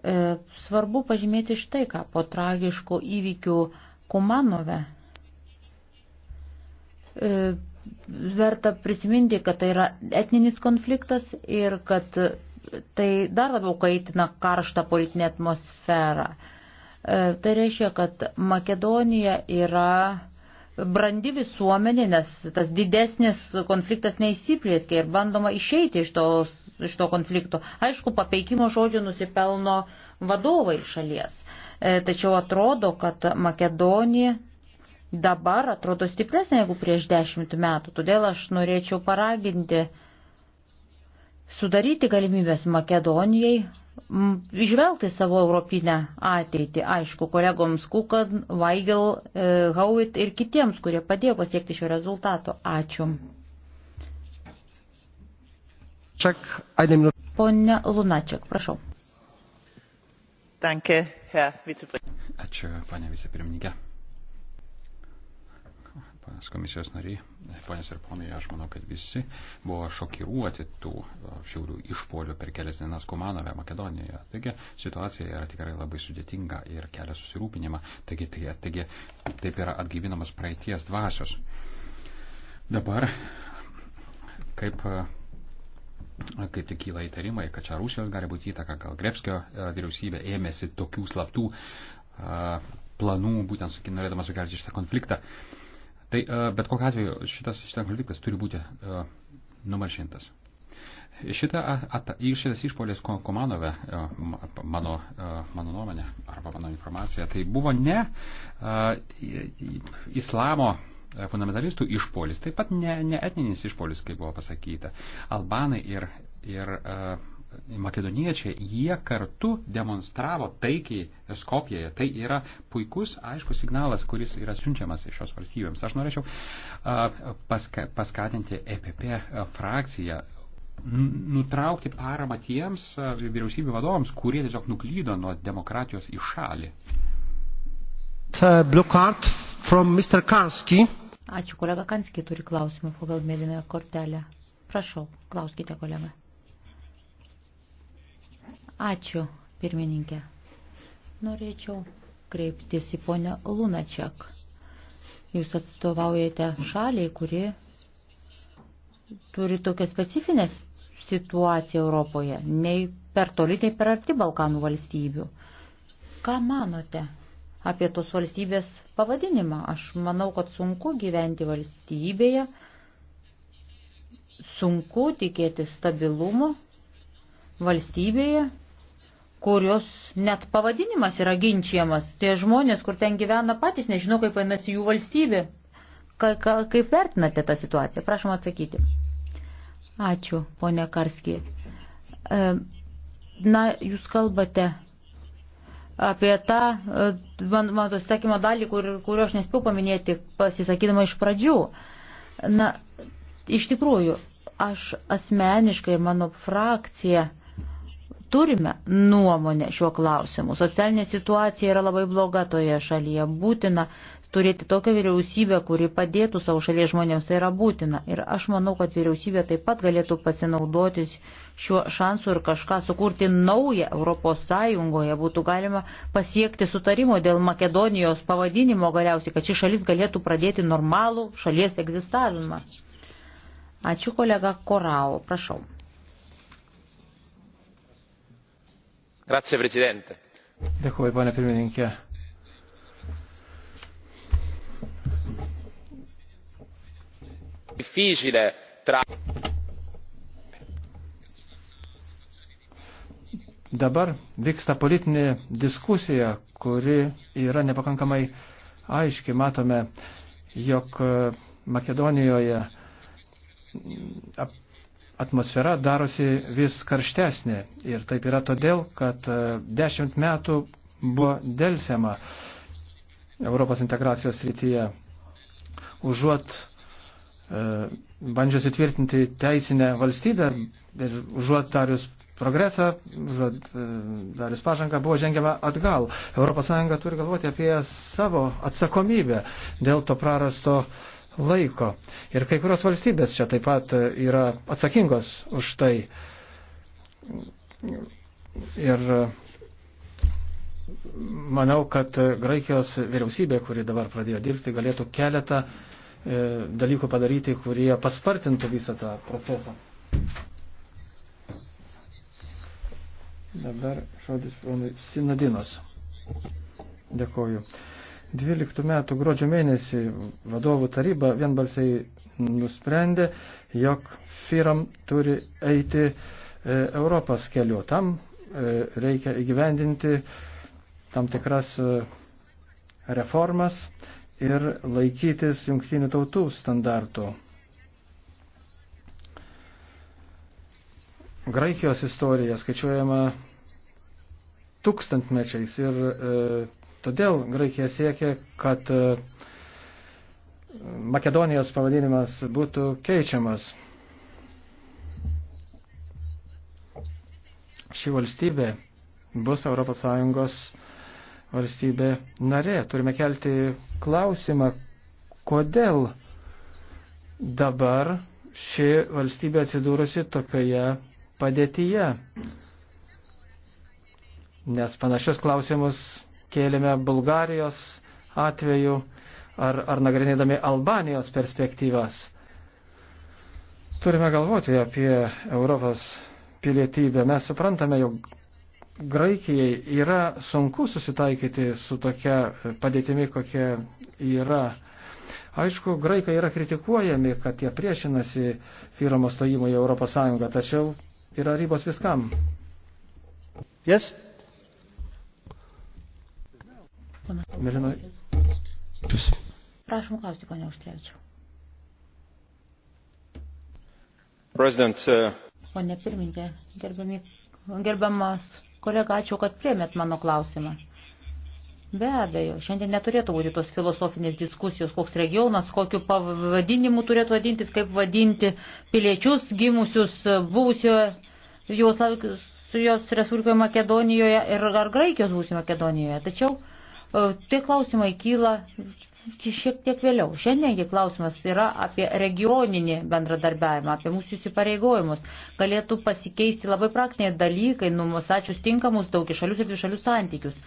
E, svarbu pažymėti štai ką po tragiško įvykių Kumanove. E, verta prisiminti, kad tai yra etninis konfliktas ir kad tai dar labiau kaitina karštą politinę atmosferą. E, tai reiškia, kad Makedonija yra brandi visuomenė, nes tas didesnis konfliktas neįsiplėskė ir bandoma išeiti iš tos iš to konflikto. Aišku, papeikimo žodžio nusipelno vadovai šalies. E, tačiau atrodo, kad Makedonija dabar atrodo stipresnė negu prieš dešimt metų. Todėl aš norėčiau paraginti sudaryti galimybės Makedonijai, išvelgti savo europinę ateitį, aišku, kolegoms Kukan, Weigel, e, Howitt ir kitiems, kurie padėjo pasiekti šio rezultato. Ačiū. Pone Lunačiak, prašau. Danke, Herr Vicepirmininkė. Ačiū, pane vicepirmininkė. Panas komisijos nariai, panas ir ponai, aš manau, kad visi buvo šokiruoti tų šiaurių išpolių per kelias dienas Kumanove, Makedonijoje. Taigi situacija yra tikrai labai sudėtinga ir kelia susirūpinimą. Taigi, taigi, taigi taip yra atgyvinamas praeities dvasios. Dabar, kaip kaip tik kyla įtarimai, kad čia Rusijos gali būti įtaka, gal Grepskio e, vyriausybė ėmėsi tokių slaptų e, planų, būtent norėdama sukelti šitą konfliktą. Tai e, bet kokiu atveju šitas, šitas konfliktas turi būti numalšintas. Šita, at, šitas išpolis Komanove, mano, mano nuomonė arba mano informacija, tai buvo ne islamo fundamentalistų išpolis, taip pat ne, ne etninis išpolis, kaip buvo pasakyta. Albanai ir, ir uh, makedoniečiai, jie kartu demonstravo taikiai Skopijoje. Tai yra puikus, aiškus signalas, kuris yra siunčiamas iš šios valstybėms. Aš norėčiau uh, paska, paskatinti EPP e, frakciją nutraukti paramą tiems vyriausybių vadovams, kurie tiesiog nuklydo nuo demokratijos į šalį. Uh, Ačiū, kolega Kanski turi klausimą pagal mėlyną kortelę. Prašau, klauskite, kolega. Ačiū, pirmininkė. Norėčiau kreiptis į ponę Lunačiak. Jūs atstovaujate šaliai, kuri turi tokią specifinę situaciją Europoje, nei per toli, nei per arti Balkanų valstybių. Ką manote apie tos valstybės pavadinimą. Aš manau, kad sunku gyventi valstybėje, sunku tikėti stabilumo valstybėje, kurios net pavadinimas yra ginčiamas. Tie žmonės, kur ten gyvena patys, nežinau, kaip vadinasi jų valstybė. Ka, ka, kaip vertinate tą situaciją? Prašom atsakyti. Ačiū, ponė Karski. E, na, jūs kalbate apie tą e, man, man tos sakymo dalį, kur, kurio aš nespėjau paminėti pasisakydama iš pradžių. Na, iš tikrųjų, aš asmeniškai, mano frakcija, uh, turime nuomonę šiuo klausimu. Socialinė situacija yra labai bloga toje šalyje. Būtina turėti tokią vyriausybę, kuri padėtų savo šalies žmonėms, tai yra būtina. Ir aš manau, kad vyriausybė taip pat galėtų pasinaudoti šiuo šansu ir kažką sukurti naują Europos Sąjungoje. Būtų galima pasiekti sutarimo dėl Makedonijos pavadinimo galiausiai, kad ši šalis galėtų pradėti normalų šalies egzistavimą. Ačiū kolega Korao, prašau. Grazie, prezidente. Dėkuoju, ponė pirmininkė. Difficile tra... Dabar vyksta politinė diskusija, kuri yra nepakankamai aiški. Matome, jog e, Makedonijoje ap atmosfera darosi vis karštesnė. Ir taip yra todėl, kad e, dešimt metų buvo dėlsiama Europos integracijos rytyje. Užuot e, bandžius įtvirtinti teisinę valstybę ir užuot darius progresą, užuot e, darius pažangą, buvo žengiama atgal. ES turi galvoti apie savo atsakomybę dėl to prarasto e, laiko. Ir kai kurios valstybės čia taip pat e, yra atsakingos už tai. Ir e, manau, kad e, Graikijos vyriausybė, kuri dabar pradėjo dirbti, galėtų keletą dalykų padaryti, kurie paspartintų visą tą procesą. Dabar žodis ponui Sinadinos. Dėkoju. 2012 m. gruodžio mėnesį vadovų taryba vienbalsiai nusprendė, jog firam turi eiti e, Europos keliu. Tam e, reikia įgyvendinti tam tikras e, reformas ir laikytis jungtinių tautų standartų. Graikijos istorija skaičiuojama tūkstantmečiais ir e, Todėl Graikija siekia, kad e, Makedonijos pavadinimas būtų keičiamas. Ši valstybė bus ES valstybė narė. Turime kelti klausimą, kodėl dabar ši valstybė atsidūrusi tokioje padėtyje. Nes panašius klausimus kėlėme Bulgarijos atveju ar, ar nagrinėdami Albanijos perspektyvas. Turime galvoti apie Europos pilietybę. Mes suprantame, jog Graikijai yra sunku susitaikyti su tokia padėtimi, kokia yra. Aišku, graikai yra kritikuojami, kad jie priešinasi Firomos stojimui į Europos Sąjungą, tačiau yra ribos viskam. Yes? Melino. Prašom klausti, ponia Užtrevičiau. Uh... Pone pirmininkė, gerbiami, gerbiamas kolega, ačiū, kad priemėt mano klausimą. Be abejo, šiandien neturėtų būti tos filosofinės diskusijos, koks regionas, kokiu pavadinimu turėtų vadintis, kaip vadinti piliečius gimusius buvusioje jos Respublikoje Makedonijoje ir ar Graikijos buvusioje Makedonijoje. Tačiau Tie klausimai kyla šiek tiek vėliau. Šiandiengi klausimas yra apie regioninį bendradarbiavimą, apie mūsų įsipareigojimus. Galėtų pasikeisti labai praktiniai dalykai, numasačius tinkamus daugi šalius ir dvišalius santykius.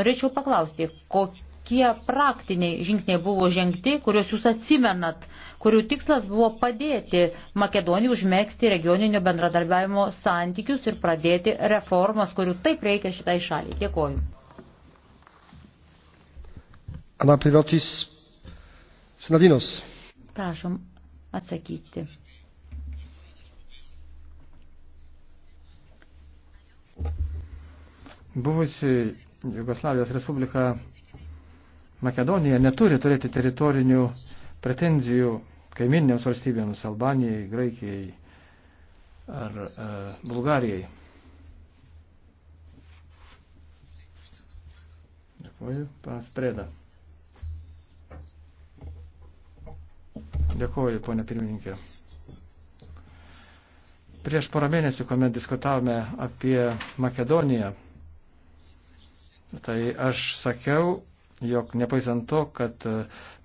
Norėčiau paklausti, kokie praktiniai žingsniai buvo žengti, kuriuos jūs atsimenat, kurių tikslas buvo padėti Makedonijai užmėgsti regioninio bendradarbiavimo santykius ir pradėti reformas, kurių taip reikia šitai šaliai. Dėkoju. Anapirotis Sinadinos. Prašom atsakyti. Buvusi Jugoslavijos Respublika Makedonija neturi turėti teritorinių pretenzijų kaiminėms valstybėms - Albanijai, Graikijai ar e, Bulgarijai. Dėkuoju, panas Preda. Dėkuoju, ponė pirmininkė. Prieš porą mėnesių, kuomet diskutavome apie Makedoniją, tai aš sakiau, jog nepaisant to, kad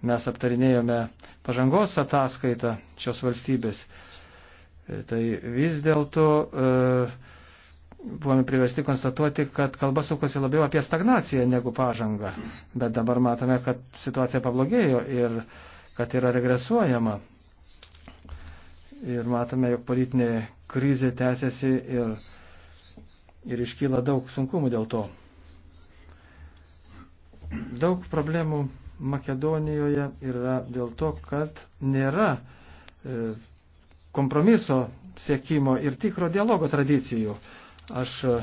mes aptarinėjome pažangos ataskaitą šios valstybės, tai vis dėlto e, buvome priversti konstatuoti, kad kalba sukosi labiau apie stagnaciją negu pažangą. Bet dabar matome, kad situacija pablogėjo ir kad yra regresuojama. Ir matome, jog politinė krizė tęsiasi ir, ir iškyla daug sunkumų dėl to. Daug problemų Makedonijoje yra dėl to, kad nėra e, kompromiso siekimo ir tikro dialogo tradicijų. Aš e,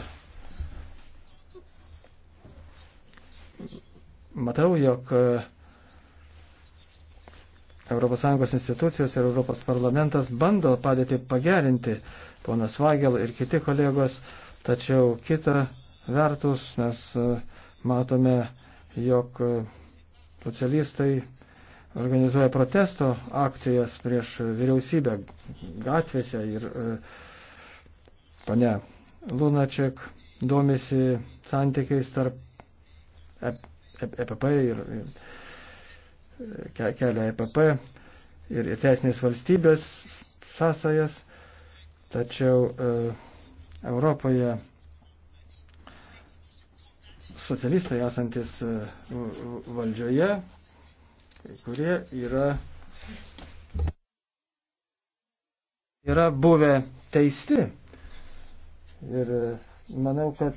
matau, jog e, ES institucijos ir Europos parlamentas bando padėti pagerinti, ponas Vagel ir kiti kolegos, tačiau kita vertus mes e, matome, jog e, socialistai organizuoja protesto akcijas prieš vyriausybę gatvėse ir e, pane Lunaček domisi santykiais tarp EPP ir, ir kelia EPP ir teisinės valstybės sąsajas, tačiau e, Europoje socialistai esantis e, valdžioje, kurie yra, yra buvę teisti. Ir e, manau, kad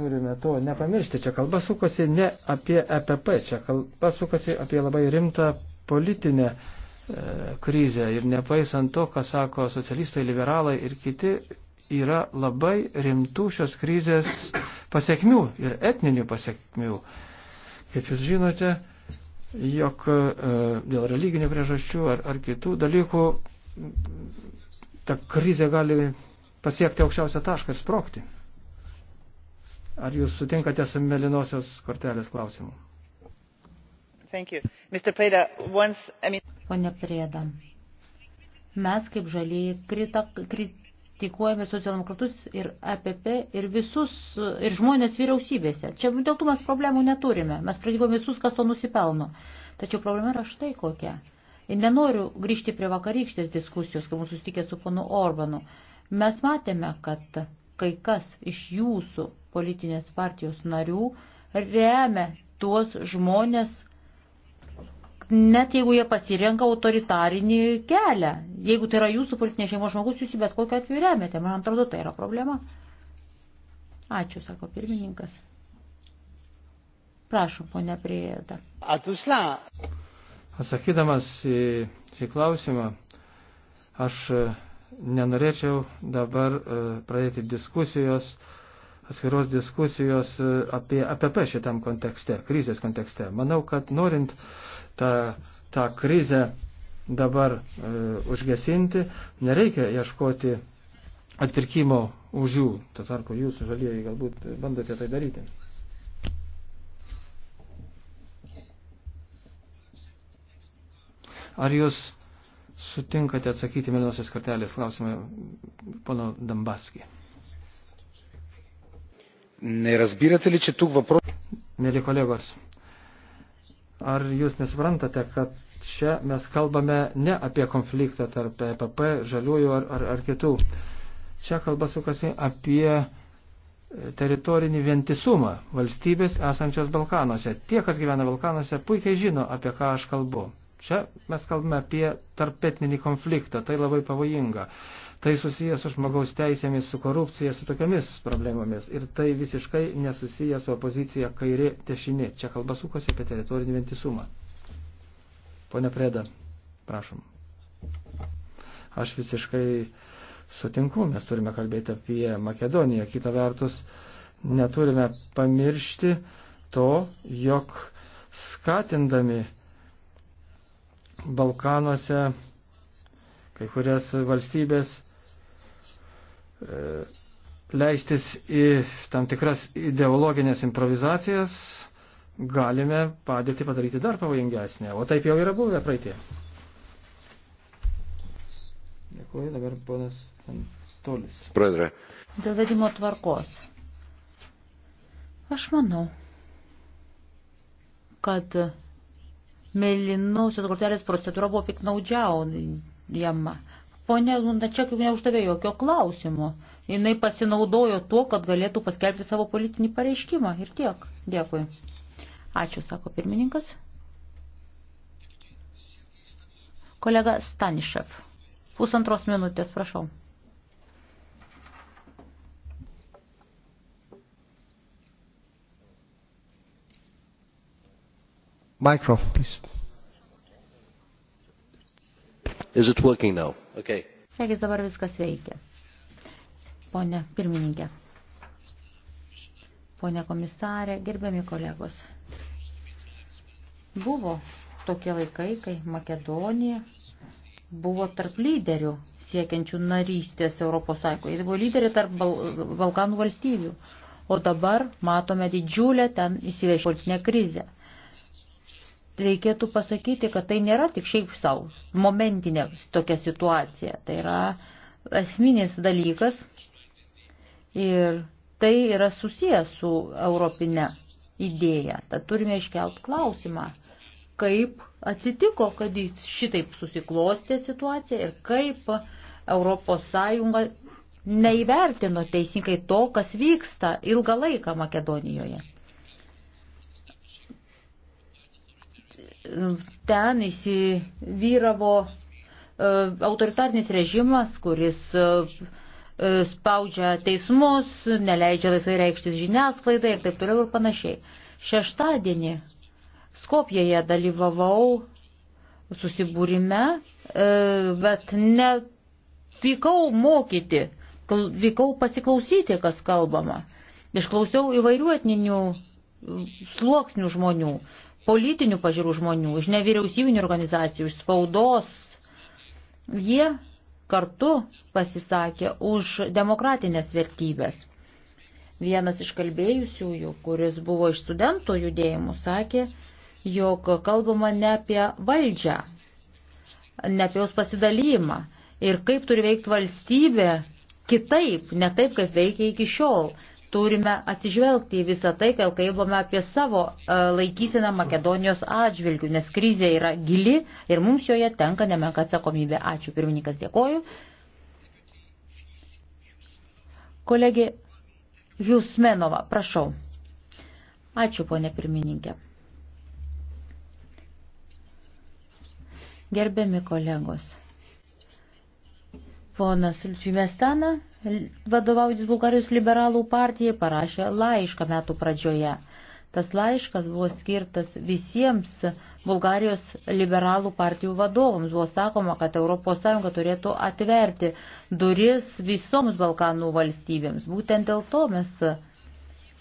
Turime to nepamiršti. Čia kalba sukasi ne apie EPP, čia kalba sukasi apie labai rimtą politinę e, krizę ir nepaisant to, ką sako socialistai, liberalai ir kiti, yra labai rimtų šios krizės pasiekmių ir etninių pasiekmių. Kaip jūs žinote, jog e, dėl religinių priežasčių ar, ar kitų dalykų ta krizė gali pasiekti aukščiausią tašką ir sprokti. Ar jūs sutinkate su melinosios kortelės klausimu? Preda, once, I mean... Pone Prėda, mes kaip žaliai kritikuojame socialdemokratus ir APP ir visus, ir žmonės vyriausybėse. Čia dėl to mes problemų neturime. Mes pradėjome visus, kas to nusipelno. Tačiau problema yra štai kokia. Ir nenoriu grįžti prie vakarykštės diskusijos, kai mūsų sustikė su ponu Orbanu. Mes matėme, kad kai kas iš jūsų politinės partijos narių remia tuos žmonės, net jeigu jie pasirenka autoritarinį kelią. Jeigu tai yra jūsų politinė šeimos žmogus, jūs jį bet kokiu atveju remiate. Man atrodo, tai yra problema. Ačiū, sako pirmininkas. Prašom, ponia Prieda. Atusla. Atsakydamas į šį klausimą, aš e, nenorėčiau dabar e, pradėti diskusijos atskiros diskusijos e, apie APP šitam kontekste, krizės kontekste. Manau, kad norint tą, tą krizę dabar e, užgesinti, nereikia ieškoti atpirkimo už jų. Tuo tarpu jūs, žalieji, galbūt bandote tai daryti. Ar jūs sutinkate atsakyti Melinosios kartelės klausimą pono Dambaskį? Не разбирате ли, че тук въпрос... Mėly kolegos, ar jūs nesuprantate, kad čia mes kalbame ne apie konfliktą tarp EPP, žaliųjų ar, ar, ar kitų. Čia kalba sukasi apie teritorinį vientisumą valstybės esančios Balkanuose. Tie, kas gyvena Balkanuose, puikiai žino, apie ką aš kalbu. Čia mes kalbame apie tarpetninį konfliktą, tai labai pavojinga. Tai susijęs su žmogaus teisėmis, su korupcija, su tokiamis problemomis. Ir tai visiškai nesusijęs su opozicija kairė dešinė. Čia kalba sukosi apie teritorinį vientisumą. Pone Preda, prašom. Aš visiškai sutinku, mes turime kalbėti apie Makedoniją. Kita vertus, neturime pamiršti to, jog skatindami Balkanuose kai kurias valstybės E, leistis į tam tikras ideologinės improvizacijas, galime padėti padaryti dar pavojingesnę. O taip jau yra buvę praeitie. Dėkuoju, dabar ponas Antolis. Pradra. Dėl vedimo tvarkos. Aš manau, kad mėlynosios kortelės procedūra buvo piknaudžiaujama. Pone Lundačiak juk neuždavė jokio klausimo. Jinai pasinaudojo tuo, kad galėtų paskelbti savo politinį pareiškimą. Ir tiek. Dėkui. Ačiū, sako pirmininkas. Kolega Stanišev. Pusantros minutės, prašau. Micro, please. Is it working now? Okay. Regis dabar viskas veikia. Pone pirmininkė, pone komisarė, gerbiami kolegos. Buvo tokie laikai, kai Makedonija buvo tarp lyderių siekiančių narystės Europos Sąjungoje. Jis buvo lyderė tarp Bal Balkanų valstybių. O dabar matome didžiulę ten įsivežę politinę krizę reikėtų pasakyti, kad tai nėra tik šiaip savo momentinė tokia situacija. Tai yra esminis dalykas ir tai yra susijęs su europinė idėja. Tad turime iškelt klausimą, kaip atsitiko, kad jis šitaip susiklostė situaciją ir kaip ES neįvertino teisingai to, kas vyksta ilgą laiką Makedonijoje. ten įsivyravo e, autoritarnis režimas, kuris e, e, spaudžia teismus, neleidžia laisvai reikštis žiniasklaidai ir taip toliau ir panašiai. Šeštadienį Skopijoje dalyvavau susibūrime, bet ne vykau mokyti, vykau pasiklausyti, kas kalbama. Išklausiau įvairių etninių sluoksnių žmonių, politinių pažiūrų žmonių, iš nevyriausybinių organizacijų, iš spaudos. Jie kartu pasisakė už demokratinės vertybės. Vienas iš kalbėjusiųjų, kuris buvo iš studentų judėjimų, sakė, jog kalbama ne apie valdžią, ne apie jos pasidalymą ir kaip turi veikti valstybė kitaip, ne taip, kaip veikia iki šiol turime atsižvelgti į visą tai, kai kalbame apie savo e, laikyseną Makedonijos atžvilgių, nes krizė yra gili ir mums joje tenka nemenka atsakomybė. Ačiū, pirmininkas, dėkoju. Kolegė Jusmenova, prašau. Ačiū, ponė pirmininkė. Gerbiami kolegos. Ponas Liučiumestana vadovaujantis Bulgarijos liberalų partijai, parašė laišką metų pradžioje. Tas laiškas buvo skirtas visiems Bulgarijos liberalų partijų vadovams. Buvo sakoma, kad ES turėtų atverti duris visoms Balkanų valstybėms. Būtent dėl to mes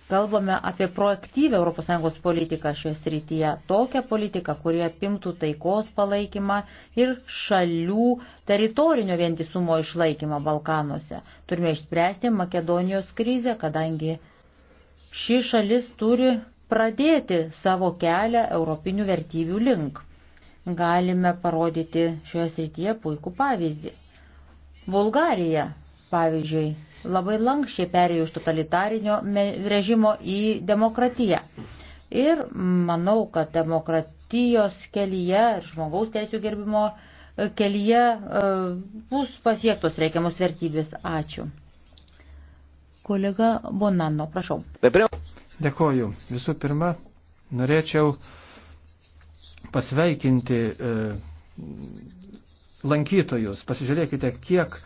Kalbame apie proaktyvę ES politiką šioje srityje, tokią politiką, kurie apimtų taikos palaikymą ir šalių teritorinio vientisumo išlaikymą Balkanuose. Turime išspręsti Makedonijos krizę, kadangi ši šalis turi pradėti savo kelią europinių vertybių link. Galime parodyti šioje srityje puikų pavyzdį. Bulgarija, pavyzdžiui, labai lankščiai perėjo iš totalitarinio režimo į demokratiją. Ir manau, kad demokratijos kelyje ir žmogaus teisų gerbimo e, kelyje e, bus pasiektos reikiamos vertybės. Ačiū. Kolega Bonanno, prašau. Dėkoju. Visų pirma, norėčiau pasveikinti e, lankytojus. Pasižiūrėkite, kiek e,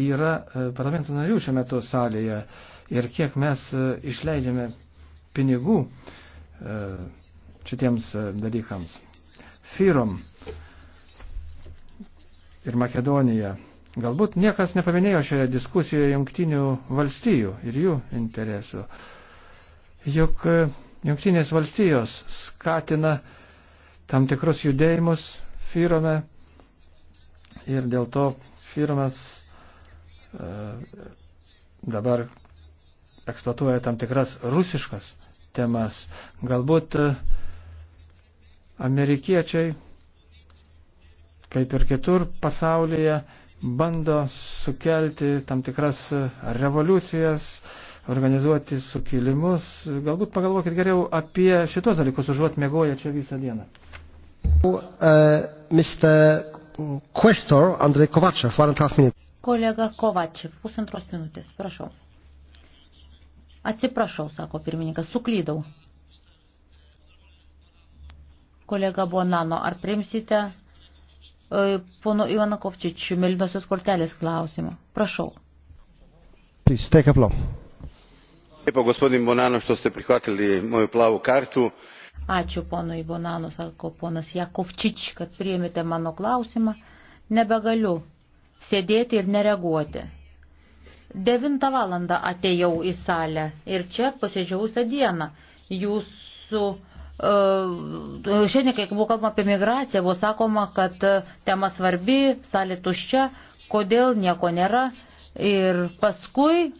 yra e, parlamento narių šiuo metu salėje ir kiek mes e, išleidžiame pinigų e, šitiems dalykams. Fyrom ir Makedonija. Galbūt niekas nepaminėjo šioje diskusijoje jungtinių valstijų ir jų interesų. Juk jungtinės valstijos skatina tam tikrus judėjimus Fyrome ir dėl to Fyromas E, dabar eksploatuoja tam tikras rusiškas temas. Galbūt e, amerikiečiai, kaip ir kitur pasaulyje, bando sukelti tam tikras e, revoliucijas, organizuoti sukilimus. Galbūt pagalvokit geriau apie šitos dalykus, užuot mėgoję čia visą dieną. Uh, Mr. Questor Andrei Kovačev, one and a half minute. Kolega Kovačev, pusantros minutės, prašau. Atsiprašau, sako pirmininkas, suklydau. Kolega Bonano, ar primsite e, pono Ivanakovčičių melinosios kortelės klausimą? Prašau. Please, take a blow. Lijepo gospodin Bonano što ste prihvatili moju plavu kartu. Ačiū ponui Bonano, sako ponas Jakovčič, kad priėmėte mano klausimą. Nebegaliu sėdėti ir nereaguoti. 9 valandą atėjau į salę ir čia posėdžiau visą dieną. Jūsų Uh, šiandien, kai buvo kalbama apie migraciją, buvo sakoma, kad e, tema svarbi, salė tuščia, kodėl nieko nėra. Ir paskui,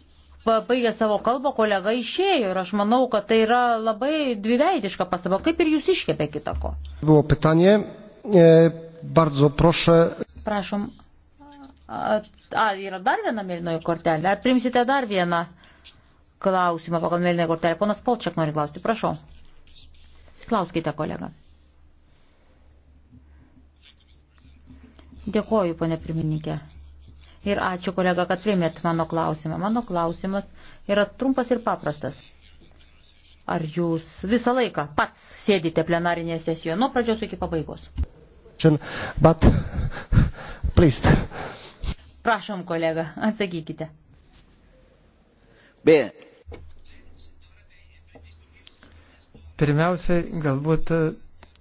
pabaigę savo kalbą, kolega išėjo ir aš manau, kad tai yra labai dviveidiška pastaba, kaip ir jūs iškėpė kitako. Buvo pitanie, e, bardzo proszę. Prašom A, yra dar viena mėlynoji kortelė. Ar primsite dar vieną klausimą pagal mėlynąją kortelę? Ponas Polčiak nori klausti, prašau. Klauskite, kolega. Dėkoju, ponė pirmininkė. Ir ačiū, kolega, kad primėt mano klausimą. Mano klausimas yra trumpas ir paprastas. Ar jūs visą laiką pats sėdite plenarinėje sesijoje nuo pradžios iki pabaigos? But, please. Prašom, kolega, atsakykite. Bene. Pirmiausiai, galbūt e,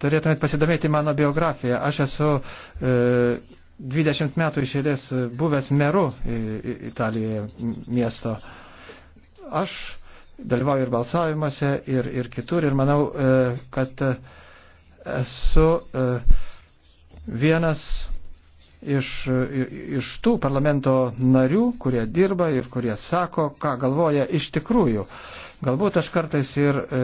turėtumėt pasidomėti mano biografiją. Aš esu e, 20 metų išėlės buvęs meru Italijoje miesto. Aš dalyvauju ir balsavimuose, ir, ir kitur, ir manau, e, kad esu e, vienas iš, iš tų parlamento narių, kurie dirba ir kurie sako, ką galvoja iš tikrųjų. Galbūt aš kartais ir e,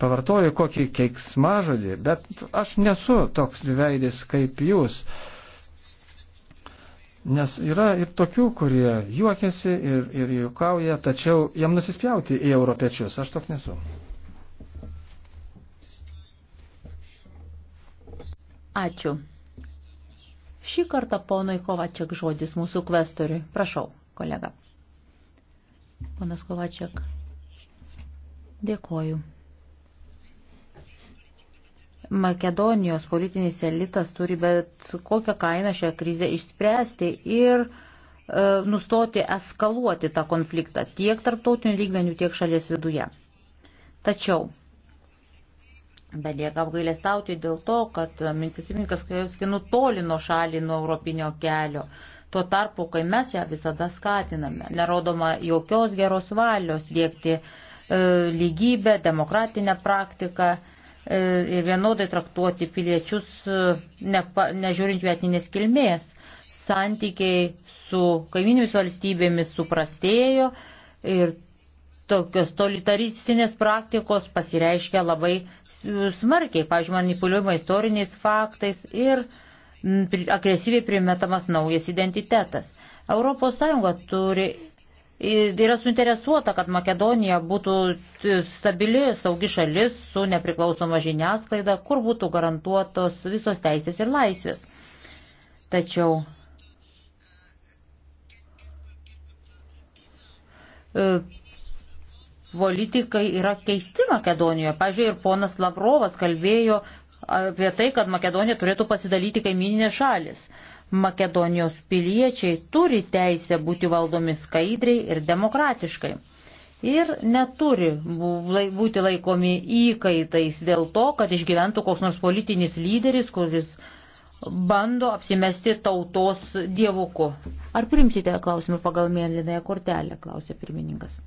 pavartoju kokį keiksmažodį, bet aš nesu toks veidis kaip jūs. Nes yra ir tokių, kurie juokiasi ir, ir juokauja, tačiau jam nusispjauti į europiečius. Aš toks nesu. Ačiū. Šį kartą ponui Kovačiak žodis mūsų kvestoriui. Prašau, kolega. Ponas Kovačiak, dėkoju. Makedonijos politinis elitas turi bet kokią kainą šią krizę išspręsti ir e, nustoti eskaluoti tą konfliktą tiek tarptautinių lygmenių, tiek šalies viduje. Tačiau Belieka apgailestauti dėl to, kad mintis pirmininkas Krajovski nutolino šalį nuo europinio kelio. Tuo tarpu, kai mes ją visada skatiname, nerodoma jokios geros valios dėkti e, lygybę, demokratinę praktiką e, ir vienodai traktuoti piliečius, e, ne, nežiūrint vietinės kilmės. Santykiai su kaiminimis valstybėmis suprastėjo ir tokios totalitaristinės praktikos pasireiškia labai smarkiai, pažiūrėjau, manipuliuojama istoriniais faktais ir agresyviai primetamas naujas identitetas. ES turi, yra suinteresuota, kad Makedonija būtų stabili, saugi šalis su nepriklausoma žiniasklaida, kur būtų garantuotos visos teisės ir laisvės. Tačiau e, politikai yra keisti Makedonijoje. Pavyzdžiui, ir ponas Lavrovas kalbėjo apie tai, kad Makedonija turėtų pasidalyti kaimininės šalis. Makedonijos piliečiai turi teisę būti valdomi skaidriai ir demokratiškai. Ir neturi būti laikomi įkaitais dėl to, kad išgyventų koks nors politinis lyderis, kuris bando apsimesti tautos dievuku. Ar primsite klausimų pagal mėlynąją kortelę, klausė pirmininkas.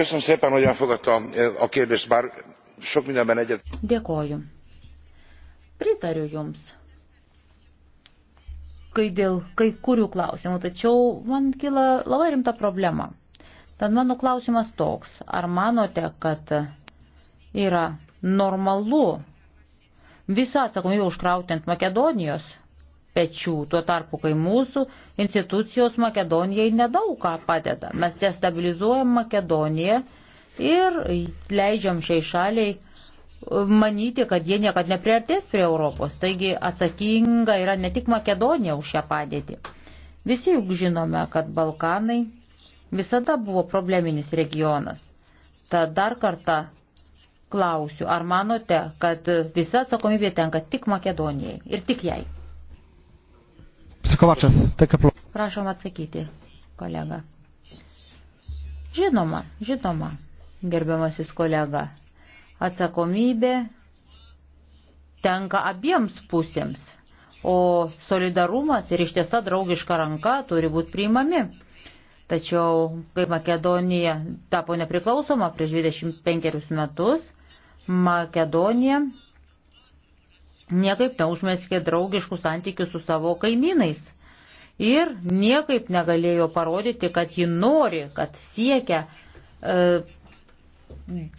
Köszönöm szépen, hogy elfogadta eh, a kérdést, bár sok mindenben egyet. Dėkoju. Pritariu Jums. Kai dėl kai kurių klausimų, tačiau man kyla labai rimta problema. Tad mano klausimas toks. Ar manote, kad yra normalu visą atsakomybę užkrauti ant Makedonijos pečių, tuo tarpu, kai mūsų institucijos Makedonijai nedaug ką padeda. Mes destabilizuojam Makedoniją ir leidžiam šiai šaliai uh, manyti, kad jie niekad nepriartės prie Europos. Taigi atsakinga yra ne tik Makedonija už šią padėtį. Visi juk žinome, kad Balkanai visada buvo probleminis regionas. Tad dar kartą klausiu, ar manote, kad visa atsakomybė tenka tik Makedonijai ir tik jai? Kovačev, take a floor. Prašom atsakyti, kolega. Žinoma, žinoma, gerbiamasis kolega. Atsakomybė tenka abiems pusėms, o solidarumas ir ištiesa draugiška ranka turi būti priimami. Tačiau, kai Makedonija tapo nepriklausoma prieš 25 metus, Makedonija niekaip neužmeskė draugiškų santykių su savo kaimynais ir niekaip negalėjo parodyti, kad ji nori, kad siekia e,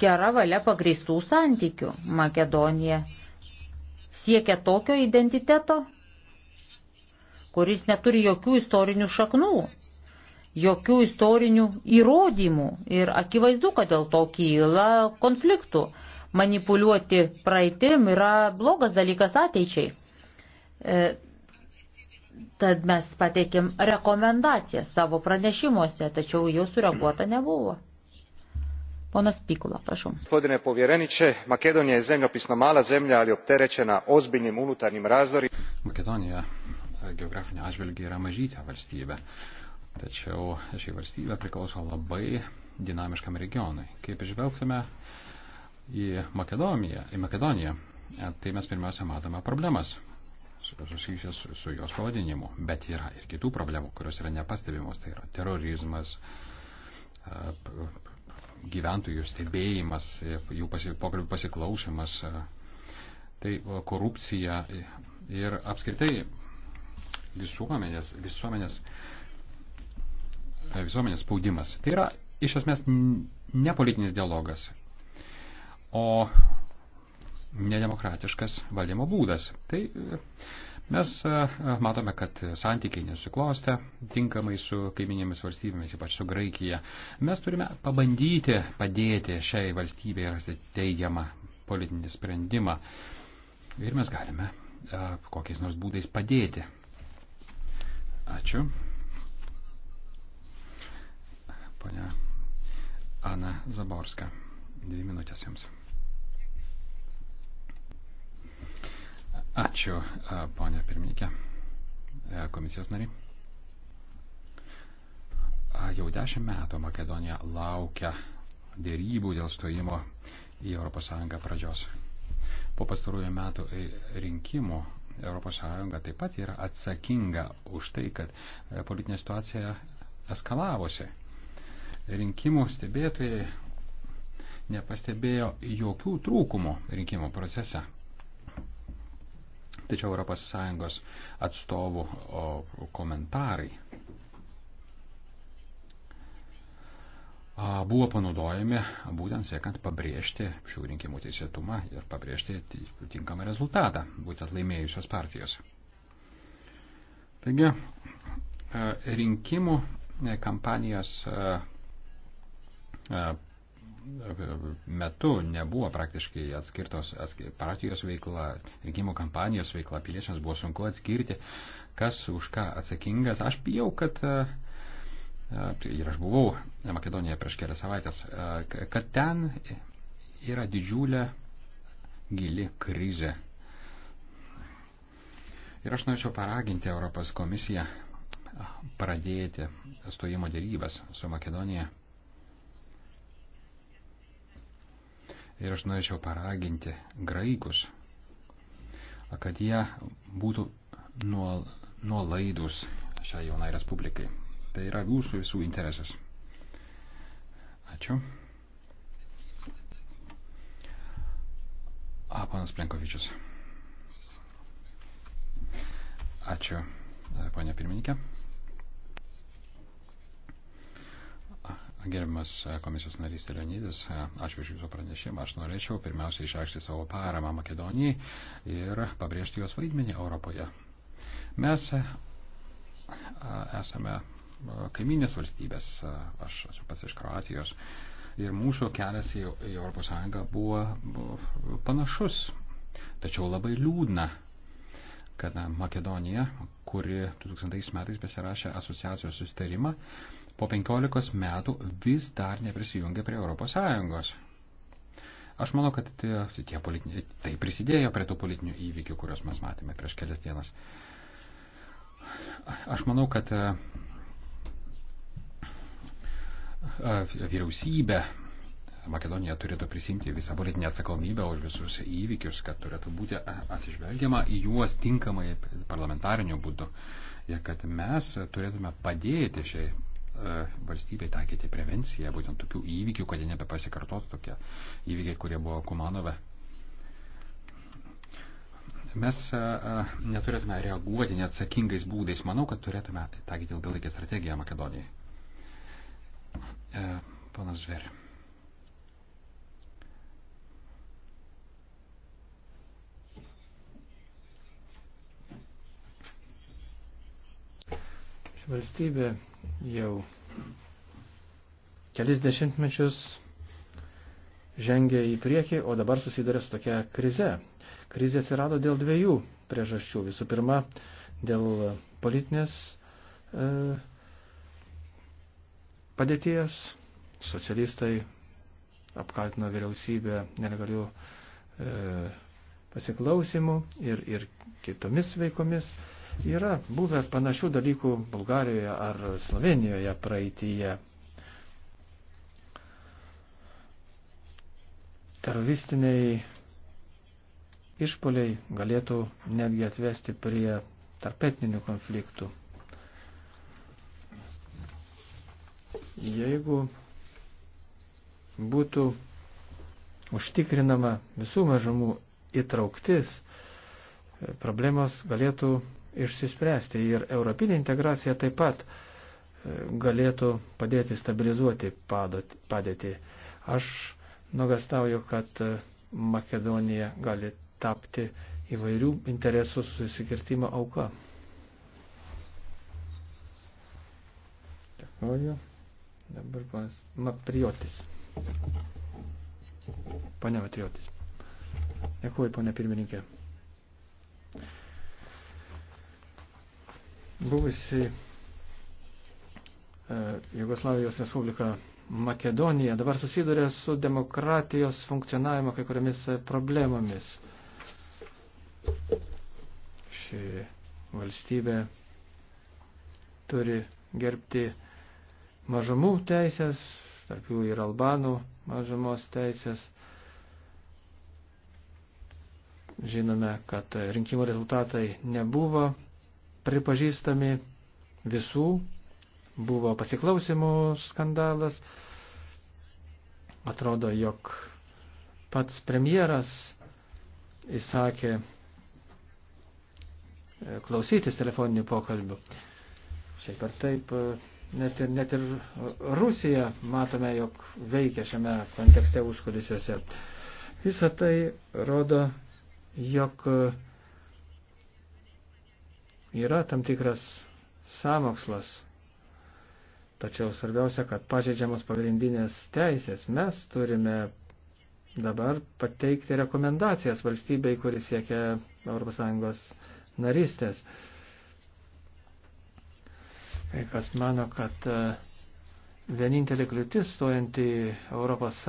gera valia pagrįstų santykių. Makedonija siekia tokio identiteto, kuris neturi jokių istorinių šaknų, jokių istorinių įrodymų ir akivaizdu, kad dėl to kyla konfliktų manipuliuoti praeitim yra blogas dalykas ateičiai. E, tad mes pateikėm rekomendacijas savo pranešimuose, tačiau jų sureaguota nebuvo. Ponas Pikula, prašom. Gospodine povjereniče, Makedonija je zemljopisno mala zemlja, ali opterećena ozbiljnim unutarnjim razdorima. Makedonija e, geografinė atžvilgiai yra mažytė valstybė, tačiau ši valstybė priklauso labai dinamiškam regionui. Kaip žvelgtume į Makedoniją, į Makedoniją e, tai mes pirmiausia matome problemas susijusias su, su jos pavadinimu, bet yra ir kitų problemų, kurios yra nepastebimos, tai yra terorizmas, e, gyventojų stebėjimas, e, jų pasi, pokalbių pasiklausimas, tai korupcija ir apskritai visuomenės, visuomenės, visuomenės spaudimas. Tai yra iš esmės nepolitinis dialogas, o nedemokratiškas valdymo būdas. Tai e, mes e, matome, kad santykiai nesuklostė tinkamai su kaiminėmis valstybėmis, ypač su Graikija. Mes turime pabandyti padėti šiai valstybei rasti teigiamą politinį sprendimą. Ir mes galime e, kokiais nors būdais padėti. Ačiū. Pane Ana Zaborska. Dvi minutės jums. Ačiū, ponė pirmininkė, komisijos nariai. Jau dešimt metų Makedonija laukia dėrybų dėl stojimo į ES pradžios. Po pastarųjų metų rinkimų ES taip pat yra atsakinga už tai, kad e, politinė situacija eskalavosi. Rinkimų stebėtojai nepastebėjo jokių trūkumų rinkimų procese. Tačiau ES atstovų komentarai buvo panaudojami būtent siekiant pabrėžti šių rinkimų teisėtumą ir pabrėžti tinkamą rezultatą būtent laimėjusios partijos. Taigi, e, rinkimų e, kampanijos e, metu nebuvo praktiškai atskirtos atskir, partijos veikla, rinkimų kampanijos veikla, piliečiams buvo sunku atskirti, kas už ką atsakingas. Aš bijau, kad e, e, ir aš buvau Makedonijoje prieš kelias savaitės, e, kad ten yra didžiulė gili krizė. Ir aš norėčiau paraginti Europos komisiją pradėti stojimo dėrybas su Makedonija Ir aš norėčiau paraginti graikus, kad jie būtų nuol, nuolaidus šiai jaunai respublikai. Tai yra jūsų visų interesas. Ačiū. A, panas Plenkovičius. Ačiū, e, ponia pirmininkė. Gerbiamas e, komisijos narys Leonidis, e, ačiū už Jūsų pranešimą. Aš norėčiau pirmiausia išreikšti savo paramą Makedonijai ir pabrėžti jos vaidmenį Europoje. Mes e, esame kaiminės valstybės, aš esu pats iš Kroatijos, ir mūsų kelias į Europos Sąjungą buvo, buvo panašus, tačiau labai liūdna kad Makedonija, kuri 2000 metais pasirašė asociacijos susitarimą, po 15 metų vis dar neprisijungia prie ES. Aš manau, kad tie politiniai, tai prisidėjo prie tų politinių įvykių, kuriuos mes matėme prieš kelias dienas. Aš manau, kad e, e, vyriausybė Makedonija turėtų prisimti visą politinę atsakomybę už visus įvykius, kad turėtų būti e, atsižvelgiama į juos tinkamai parlamentariniu būdu ir kad mes turėtume padėti šiai E, valstybei taikyti prevenciją būtent tokių įvykių, kad jie nebepasikartotų tokie įvykiai, kurie buvo Kumanove. Mes e, e, neturėtume reaguoti neatsakingais būdais. Manau, kad turėtume taikyti ilgalaikę strategiją Makedonijai. Panas Zver. Valstybė jau kelis dešimtmečius žengia į priekį, o dabar susiduria su tokia krize. Krizė atsirado dėl dviejų priežasčių. Visų pirma, dėl politinės e, padėties. Socialistai apkaltino vyriausybę nelegalių e, pasiklausimų ir, ir kitomis veikomis. E, Yra buvę panašių dalykų Bulgarijoje ar Slovenijoje praeitįje. Teroristiniai išpoliai galėtų netgi atvesti prie tarpetninių konfliktų. Jeigu būtų užtikrinama visų mažumų įtrauktis, problemos galėtų išsispręsti. Ir europinė integracija taip pat e, galėtų padėti stabilizuoti padėtį. Aš nuogastauju, kad e, Makedonija gali tapti įvairių interesų susikirtimo auka. Dėkuoju. Dabar panas Matriotis. Pane Matriotis. Dėkuoju, pane pirmininkė. buvusi e, Jugoslavijos Respublika Makedonija dabar susiduria su demokratijos funkcionavimo kai kuriamis e, problemomis. Ši valstybė turi gerbti mažumų teisės, tarp jų ir albanų mažumos teisės. Žinome, kad rinkimų rezultatai nebuvo pripažįstami visų, buvo pasiklausimų skandalas, atrodo, jog pats premjeras įsakė e, klausytis telefoninių pokalbių. Šiaip ar taip, e, net ir, net ir Rusija matome, jog veikia šiame kontekste užkulisiuose. Visą tai rodo, jog e, yra tam tikras samokslas. Tačiau svarbiausia, kad pažeidžiamos pagrindinės teisės mes turime dabar pateikti rekomendacijas valstybei, kuris siekia ES narystės. Kai kas mano, kad e, vienintelė kliūtis stojant į ES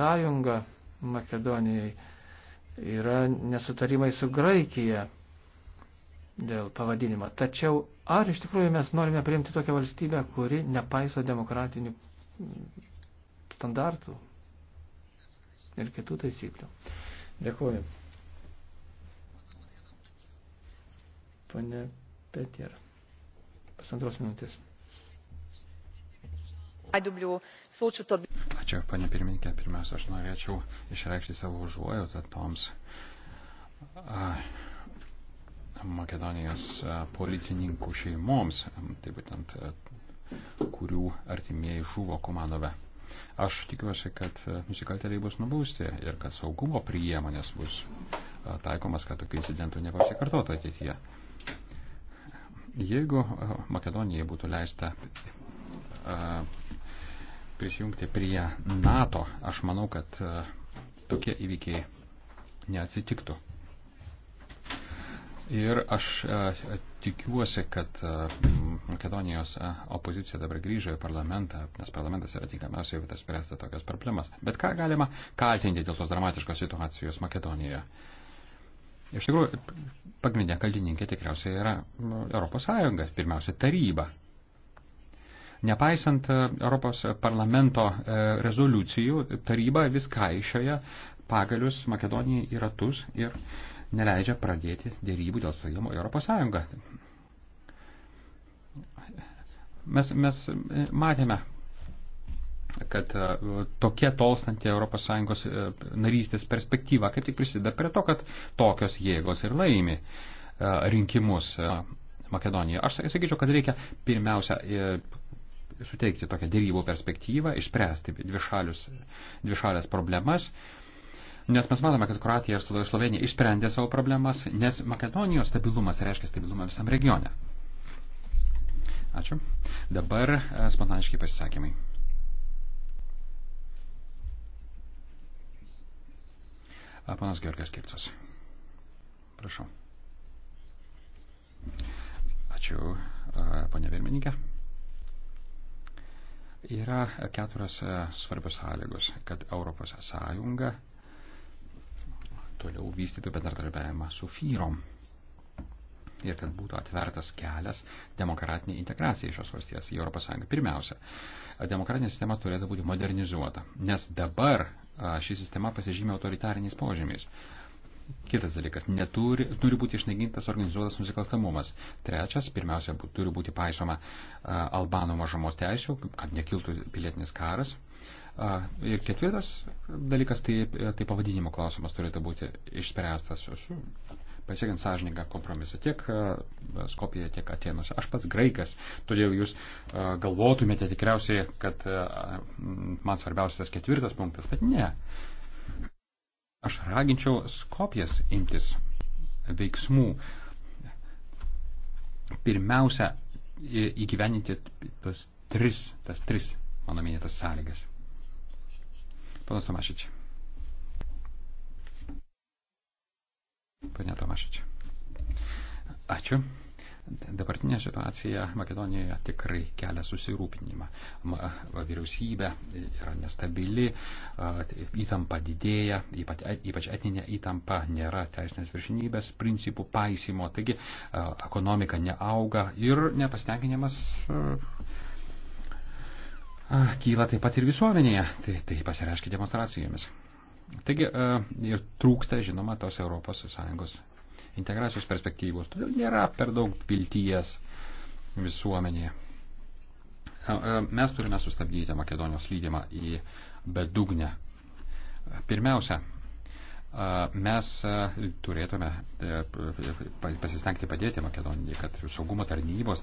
Makedonijai yra nesutarimai su Graikija dėl pavadinimo. Tačiau ar iš tikrųjų mes norime priimti tokią valstybę, kuri nepaiso demokratinių standartų ir kitų taisyklių? Dėkuoju. Pane Petier, pusantros minutės. Ačiū, panė pirmininkė. Pirmiausia, aš norėčiau išreikšti savo užuojautą toms. A, Makedonijos e, policininkų šeimoms, e, tai būtent e, kurių artimieji žuvo Komanove. Aš tikiuosi, kad nusikaltėliai bus nubausti ir kad saugumo priemonės bus taikomas, kad tokių incidentų nepasikartotų ateityje. Jeigu Makedonijai būtų leista prisijungti prie NATO, aš manau, kad tokie įvykiai neatsitiktų. Ir aš e, tikiuosi, kad e, Makedonijos e, opozicija dabar grįžo į parlamentą, nes parlamentas yra tinkamiausiai vietas spręsti tokias problemas. Bet ką galima kaltinti dėl tos dramatiškos situacijos Makedonijoje? Iš tikrųjų, pagrindinė kaltininkė tikriausiai yra Europos Sąjunga, pirmiausia taryba. Nepaisant Europos parlamento rezoliucijų, taryba vis kaišioja pagalius Makedonijai į ratus ir uh, neleidžia pradėti dėrybų dėl stojimo į Europos Sąjungą. Mes, mes matėme, kad e, tokia tolstanti ES e, narystės perspektyva kaip tik prisideda prie to, kad tokios jėgos ir laimi e, rinkimus Makedonijoje. Aš sakyčiau, kad reikia pirmiausia suteikti tokią dėrybų perspektyvą, išspręsti dvišalius, dvišalės problemas Nes mes matome, kad Kroatija ir Slovenija išsprendė savo problemas, nes Makedonijos stabilumas tai reiškia stabilumą visam regione. Ačiū. Dabar e, spontaniškai pasisakymai. E, Panas Georgas Kirtas. Prašau. Ačiū, e, ponia Virmininkė. Yra keturios svarbios sąlygos, kad Europos Sąjunga toliau vystyti bendradarbiavimą su Fyrom. Ir kad būtų atvertas kelias demokratinė integracija iš šios valstijos į ES. Pirmiausia, demokratinė sistema turėtų būti modernizuota, nes dabar ši sistema pasižymė autoritariniais požymiais. Kitas dalykas, neturi, turi būti išnaikintas organizuotas nusikalstamumas. Trečias, pirmiausia, turi būti paisoma uh, Albanų mažumos teisų, kad nekiltų pilietinis karas. Uh, Ir ketvirtas dalykas, tai, tai pavadinimo klausimas turėtų būti išspręstas su pasiekiant sąžiningą kompromisą tiek Skopijoje, tiek Atenuose. Aš pats graikas, todėl jūs galvotumėte tikriausiai, kad man svarbiausias tas ketvirtas punktas, bet ne. Aš raginčiau Skopijas imtis veiksmų. Pirmiausia, įgyveninti tas tris, tas tris mano minėtas sąlygas. Panas Tomašič. Pane Tomašič. Ačiū. Dabartinė situacija Makedonijoje tikrai kelia susirūpinimą. Vyriausybė yra nestabili, įtampa didėja, e, ypač etinė įtampa, nėra teisinės viršinybės, principų paisimo, taigi ekonomika neauga ir nepasitenkinimas kyla taip pat ir visuomenėje, tai, tai pasireiškia demonstracijomis. Taigi ir trūksta, žinoma, tos ES integracijos perspektyvos, todėl nėra per daug vilties visuomenėje. Mes turime sustabdyti Makedonijos lydimą į bedugnę. Pirmiausia, Mes turėtume e, pasistengti padėti Makedonijai, kad saugumo tarnybos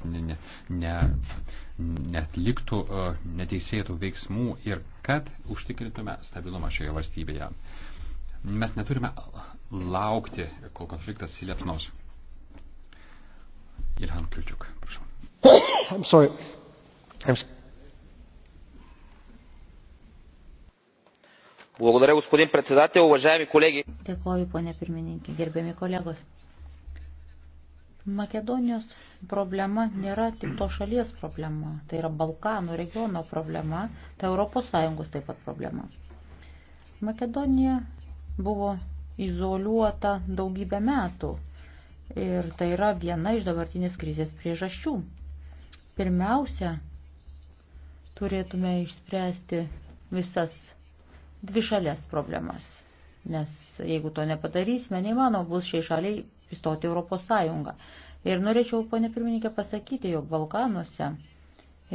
netliktų ne, ne neteisėtų veiksmų ir kad užtikrintume stabilumą šioje valstybėje. Mes neturime laukti, kol konfliktas įliepnos. Ilhan Kriučiuk, prašau. I'm sorry. I'm sorry. Благодаря, господин председател, уважаеми колеги. Dėkoju, ponė pirmininkė, gerbiami kolegos. Makedonijos problema nėra tik to šalies problema, tai yra Balkanų regiono problema, tai Europos Sąjungos taip pat problema. Makedonija buvo izoliuota daugybę metų ir tai yra viena iš dabartinės krizės priežasčių. Pirmiausia, turėtume išspręsti visas dvi šalės problemas. Nes jeigu to nepadarysime, neįmanoma bus šiai šaliai įstoti Europos Sąjungą. Ir norėčiau, ponė pirmininkė, pasakyti, jog Balkanuose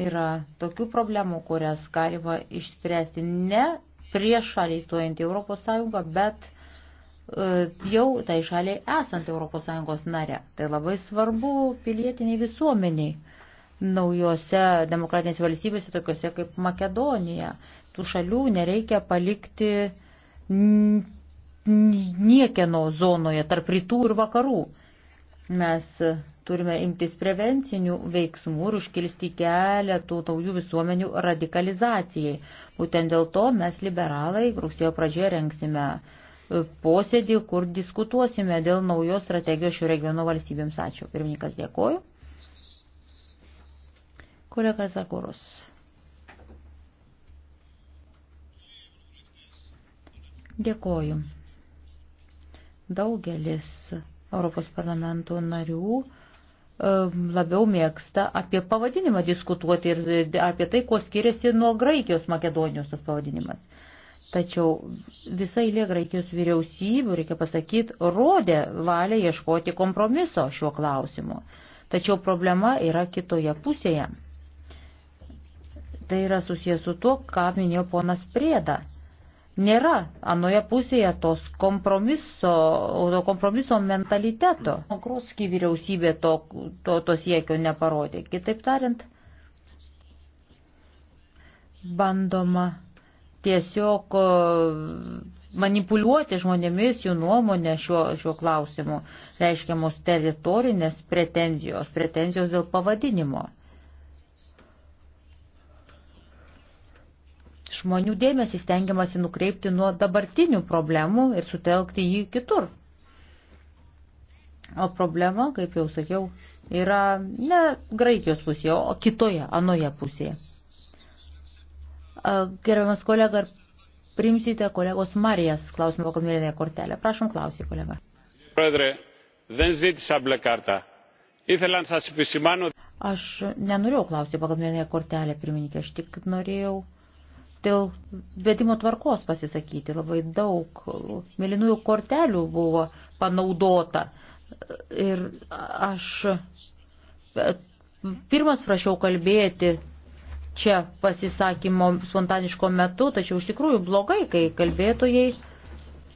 yra tokių problemų, kurias galima išspręsti ne prieš šalį įstojant į Europos Sąjungą, bet e, jau tai šaliai esant Europos Sąjungos nare. Tai labai svarbu pilietiniai visuomeniai naujose demokratinėse valstybėse, tokiuose kaip Makedonija tų šalių nereikia palikti niekieno zonoje tarp rytų ir vakarų. Mes turime imtis prevencinių veiksmų ir užkirsti kelią tų naujų visuomenių radikalizacijai. Būtent dėl to mes liberalai rugsėjo pradžioje rengsime e, posėdį, kur diskutuosime dėl naujos strategijos šių regionų valstybėms. Ačiū. Pirmininkas dėkoju. Kolega Zagoros. Dėkoju. Daugelis Europos parlamento narių e, labiau mėgsta apie pavadinimą diskutuoti ir apie tai, kuo skiriasi nuo Graikijos Makedonijos tas pavadinimas. Tačiau visai lė Graikijos vyriausybių, reikia pasakyti, rodė valią ieškoti kompromiso šiuo klausimu. Tačiau problema yra kitoje pusėje. Tai yra susijęs su tuo, ką minėjo ponas Prėda nėra anoje pusėje tos kompromiso, to kompromiso mentaliteto. Kruski vyriausybė to, to, to siekio neparodė. Kitaip tariant, bandoma tiesiog manipuliuoti žmonėmis jų nuomonę šiuo, šiuo klausimu, reiškiamos teritorinės pretenzijos, pretenzijos dėl pavadinimo. žmonių dėmesį stengiamasi nukreipti nuo dabartinių problemų ir sutelkti jį kitur. O problema, kaip jau sakiau, yra ne Graikijos pusėje, o kitoje, anoje pusėje. Gerbiamas kolega, ar primsite kolegos Marijas klausimo kalmėlinėje kortelę? Prašom klausyti, kolega. Pradre, Aš nenorėjau klausyti pagal mėnėje kortelę, pirmininkė, aš tik norėjau dėl vedimo tvarkos pasisakyti. Labai daug mėlynųjų kortelių buvo panaudota. Ir aš pirmas prašiau kalbėti čia pasisakymo spontaniško metu, tačiau iš tikrųjų blogai, kai kalbėtojai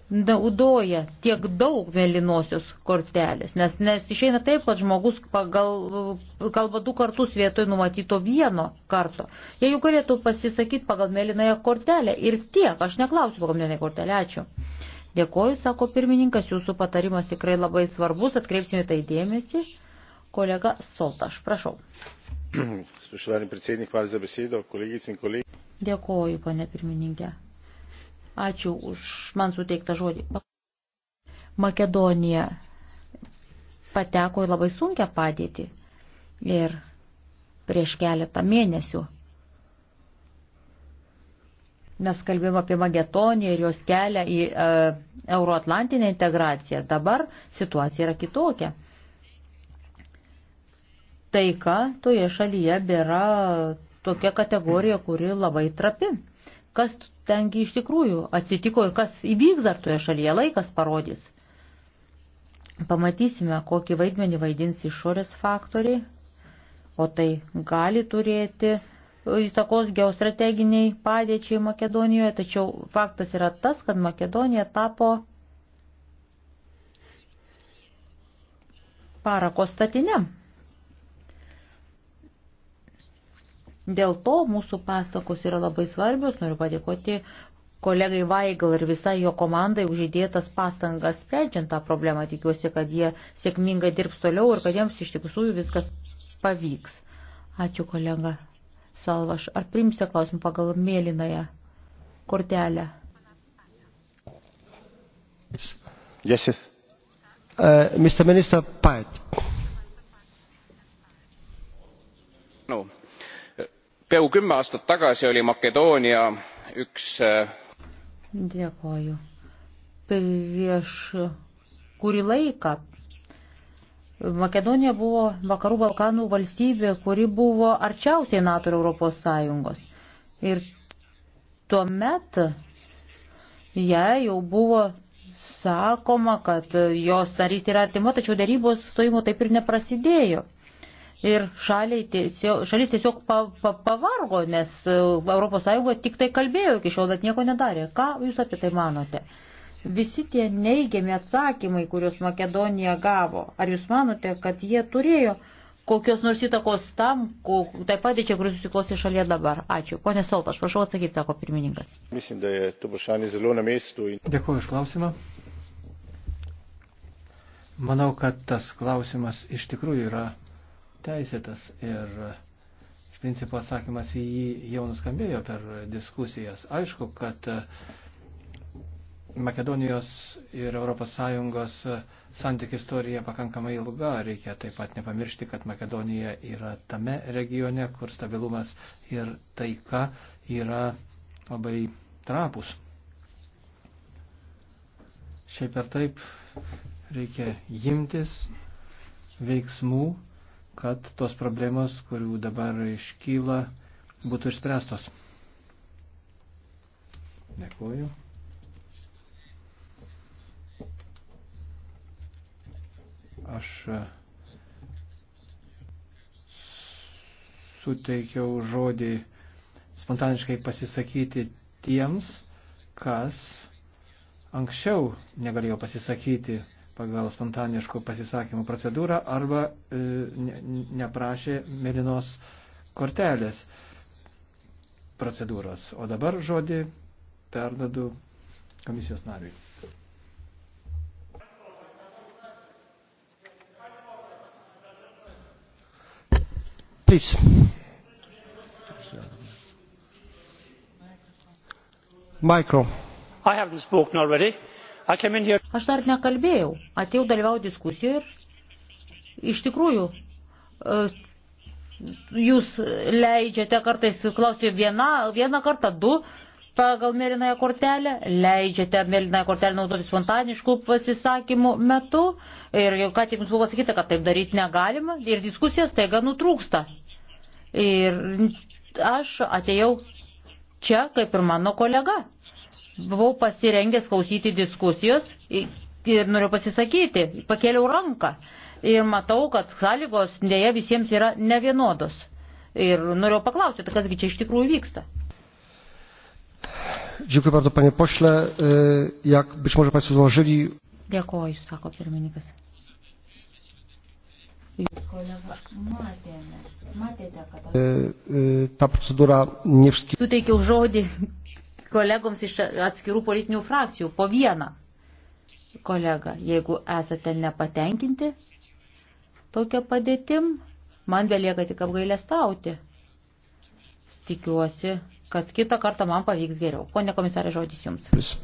naudoja tiek daug mėlynosios kortelės, nes, nes išeina taip, kad žmogus pagal, kalba du kartus vietoj numatyto vieno karto. Jie jau galėtų pasisakyti pagal mėlynąją kortelę ir tiek, aš neklausiu pagal mėlynąją kortelę, ačiū. Dėkoju, sako pirmininkas, jūsų patarimas tikrai labai svarbus, atkreipsime tai dėmesį. Kolega Soltaš, prašau. Spoštovani predsednik, hvala za besedo, kolegice in kolegi. Dėkoju, pane pirmininkė. Ačiū už man suteiktą žodį. Makedonija pateko į labai sunkią padėtį ir prieš keletą mėnesių. Mes kalbėjom apie Magetoniją ir jos kelią į e, euroatlantinę integraciją. Dabar situacija yra kitokia. Taika toje šalyje yra tokia kategorija, kuri labai trapi. Kas tengi iš tikrųjų atsitiko ir kas įvyks dar toje šalyje, laikas parodys. Pamatysime, kokį vaidmenį vaidins išorės faktoriai, o tai gali turėti įtakos geostrateginiai padėčiai Makedonijoje, tačiau faktas yra tas, kad Makedonija tapo parako statiniam Dėl to mūsų pastakos yra labai svarbios. Noriu padėkoti kolegai Vaigal ir visai jo komandai užidėtas pastangas sprendžiant tą problemą. Tikiuosi, kad jie sėkmingai dirbs toliau ir kad jiems iš tikrųjų viskas pavyks. Ačiū kolega Salvaš. Ar priimsite klausimą pagal mėlynąją kortelę? Yes, yes. Uh, Mr. Minister Pait. peaaegu kümme aastat tagasi oli makedoonia üks äh, dėkoju prieš kurį laiką Makedonija buvo vakarų Balkanų valstybė, kuri buvo arčiausiai NATO ir Europos Sąjungos. Ir tuomet jai jau buvo sakoma, kad jos narystė yra artima, tačiau darybos stojimo taip ir neprasidėjo ir tiesiog, šalis tiesiog pa, pa, pavargo, nes ES tik tai kalbėjo iki šiol, bet nieko nedarė. Ką Jūs apie tai manote? Visi tie neigiami atsakymai, kuriuos Makedonija gavo, ar Jūs manote, kad jie turėjo kokios nors įtakos tam, ko, taip pat čia, kuris susiklosti šalyje dabar. Ačiū. Pone Solta, aš prašau atsakyti, sako pirmininkas. Mislim, da je to vprašanje zelo na mestu. In... Dėkuoju iš klausimą. Manau, kad tas klausimas iš tikrųjų yra teisėtas ir iš principo atsakymas į jį jau nuskambėjo per diskusijas. Aišku, kad Makedonijos ir ES santykių istorija pakankamai ilga. Reikia taip pat nepamiršti, kad Makedonija yra tame regione, kur stabilumas ir taika yra labai trapus. Šiaip ir taip reikia imtis veiksmų kad tos problemos, kurių dabar iškyla, būtų išspręstos. Dėkuoju. Aš e, suteikiau žodį spontaniškai pasisakyti tiems, kas anksčiau negalėjo pasisakyti pagal spontaniškų pasisakymų procedūrą arba e, neprašė mėlynos kortelės procedūros. O dabar žodį perdadu komisijos nariui. Please. Micro. I haven't spoken already. Aš dar nekalbėjau, atėjau dalyvauti diskusijoje ir iš tikrųjų e, jūs leidžiate kartais, klausiu, vieną, vieną kartą, du pagal mėlynąją kortelę, leidžiate mėlynąją kortelę naudoti spontaniškų pasisakymų metu ir jau ką tik jums buvo pasakyta, kad taip daryti negalima ir diskusijas taiga nutrūksta. Ir aš atėjau čia kaip ir mano kolega buvau pasirengęs klausyti diskusijos ir noriu pasisakyti, pakėliau ranką ir matau, kad sąlygos dėja visiems yra nevienodos. Ir noriu paklausti, tai kasgi čia iš tikrųjų vyksta. Dziękuję bardzo panie pośle. E, jak być może państwo zauważyli... Dėkoju, sako pirmininkas. E, e, ta procedūra ne wszystkim... Suteikiau žodį kolegoms iš atskirų politinių frakcijų po vieną kolegą. Jeigu esate nepatenkinti tokia padėtim, man belieka tik apgailę stauti. Tikiuosi, kad kitą kartą man pavyks geriau. Pone komisarė, žodis jums. Vis.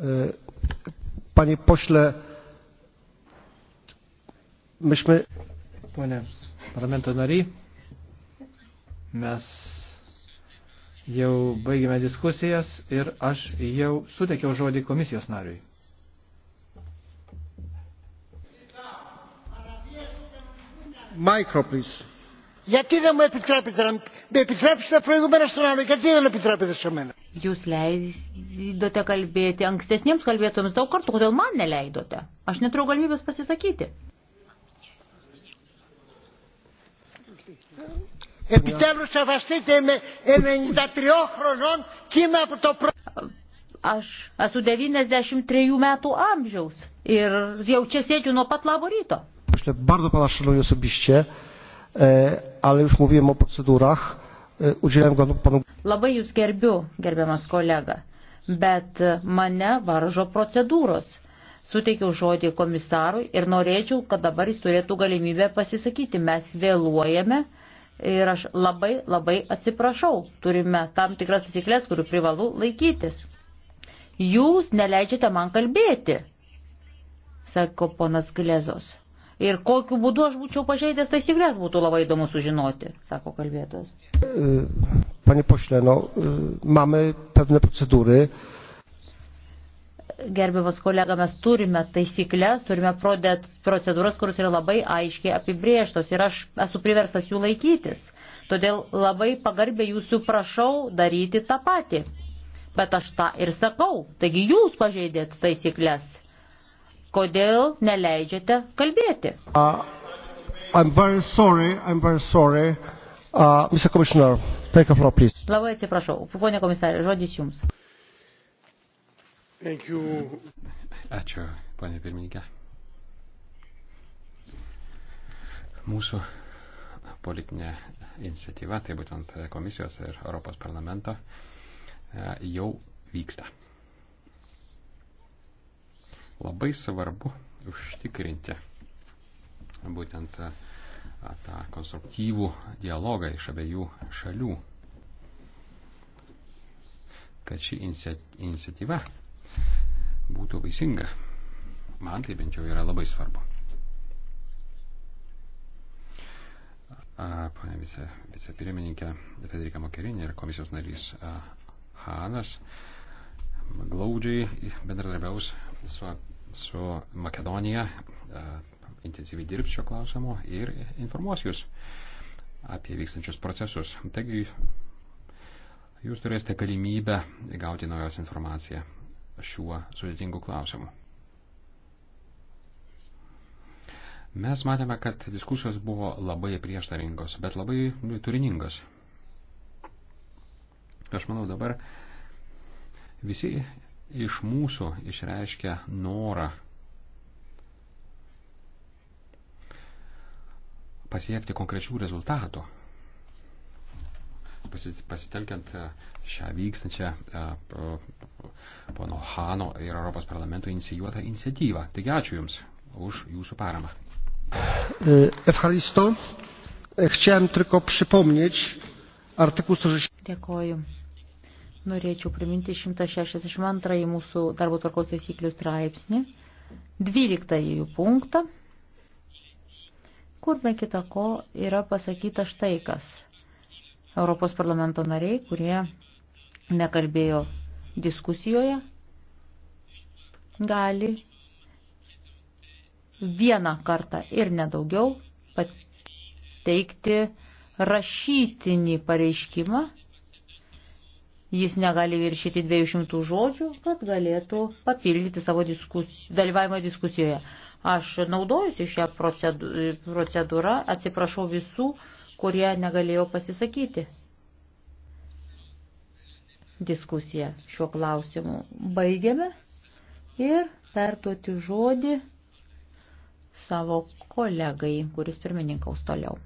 Uh, Panie pośle, myśmy... Panie parlamento nariai, mes jau baigėme diskusijas ir aš jau suteikiau žodį komisijos nariui. Micro, please. Γιατί δεν μου επιτρέπετε να με επιτρέψετε προηγούμενα στον άλλο, γιατί δεν επιτρέπετε σε μένα. Jūs leidote kalbėti ankstesniems kalbėtojams daug kartų, kodėl man neleidote? Aš neturiu galimybės pasisakyti. Επιτέλους σεβαστείτε με 93 χρονών κείμα από το πρώτο. Aš esu 93 metų amžiaus ir jau čia sėdžiu nuo pat labo ryto. Myślę, bardzo Pana szanuję osobiście, e, ale już mówiłem o procedurach udzieliam go panu. Labai jūs gerbiu, gerbiamas kolega, bet mane varžo procedūros. Suteikiau žodį komisarui ir norėčiau, kad dabar jis turėtų galimybę pasisakyti. Mes vėluojame ir aš labai labai atsiprašau. Turime tam tikras taisyklės, kurių privalu laikytis. Jūs neleidžiate man kalbėti, sako ponas Glezos. Ir kokiu būdu aš būčiau pažeidęs taisyklės, būtų labai įdomu sužinoti, sako kalbėtas. E, panie pošle, no, e, mamy pewne procedury. Gerbiamas kolega, mes turime taisyklės, turime procedūras, kurios yra labai aiškiai apibrėžtos ir aš esu priverstas jų laikytis. Todėl labai pagarbė jūsų prašau daryti tą patį. Bet aš tą ir sakau, taigi jūs pažeidėt taisyklės Kodėl neleidžiate kalbėti? Uh, I'm very sorry, I'm very sorry. Uh, Mr. Commissioner, take a floor, please. Labai atsiprašau. Pone komisarė, žodis jums. Thank you. Ačiū, ponė pirmininkė. Mūsų politinė iniciatyva, tai būtent komisijos ir Europos parlamento, e, jau vyksta. Labai svarbu užtikrinti būtent e, tą konstruktyvų dialogą iš abiejų šalių, kad ši iniciatyva būtų vaisinga. Man tai bent jau yra labai svarbu. Pane vice, vicepirmininkė Federika Mokerinė ir komisijos narys Hanas glaudžiai bendradarbiaus su, su Makedonija e, intensyviai dirbs šio klausimo ir informuos jūs apie vykstančius procesus. Taigi jūs turėsite galimybę gauti naujos informaciją šiuo sudėtingu klausimu. Mes matėme, kad diskusijos buvo labai prieštaringos, bet labai nu, turiningos. Aš manau dabar visi iš mūsų išreiškia norą pasiekti konkrečių rezultatų, pasitelkiant e, šią vykstančią e, pono Hano ir Europos parlamento inicijuotą iniciatyvą. Taigi ačiū Jums už Jūsų paramą. Efharisto, e, chciałem tylko przypomnieć artykuł 160. Dėkoju. Norėčiau priminti 162 mūsų darbo tvarkos taisyklių straipsnį, 12 punktą, kur be kita ko yra pasakyta štai kas. Europos parlamento nariai, kurie nekalbėjo diskusijoje, gali vieną kartą ir nedaugiau pateikti rašytinį pareiškimą jis negali viršyti 200 žodžių, kad galėtų papildyti savo diskusiją, dalyvavimą diskusijoje. Aš naudojusi šią procedūrą, atsiprašau visų, kurie negalėjo pasisakyti. Diskusiją šiuo klausimu baigiame ir perduoti žodį savo kolegai, kuris pirmininkaus toliau.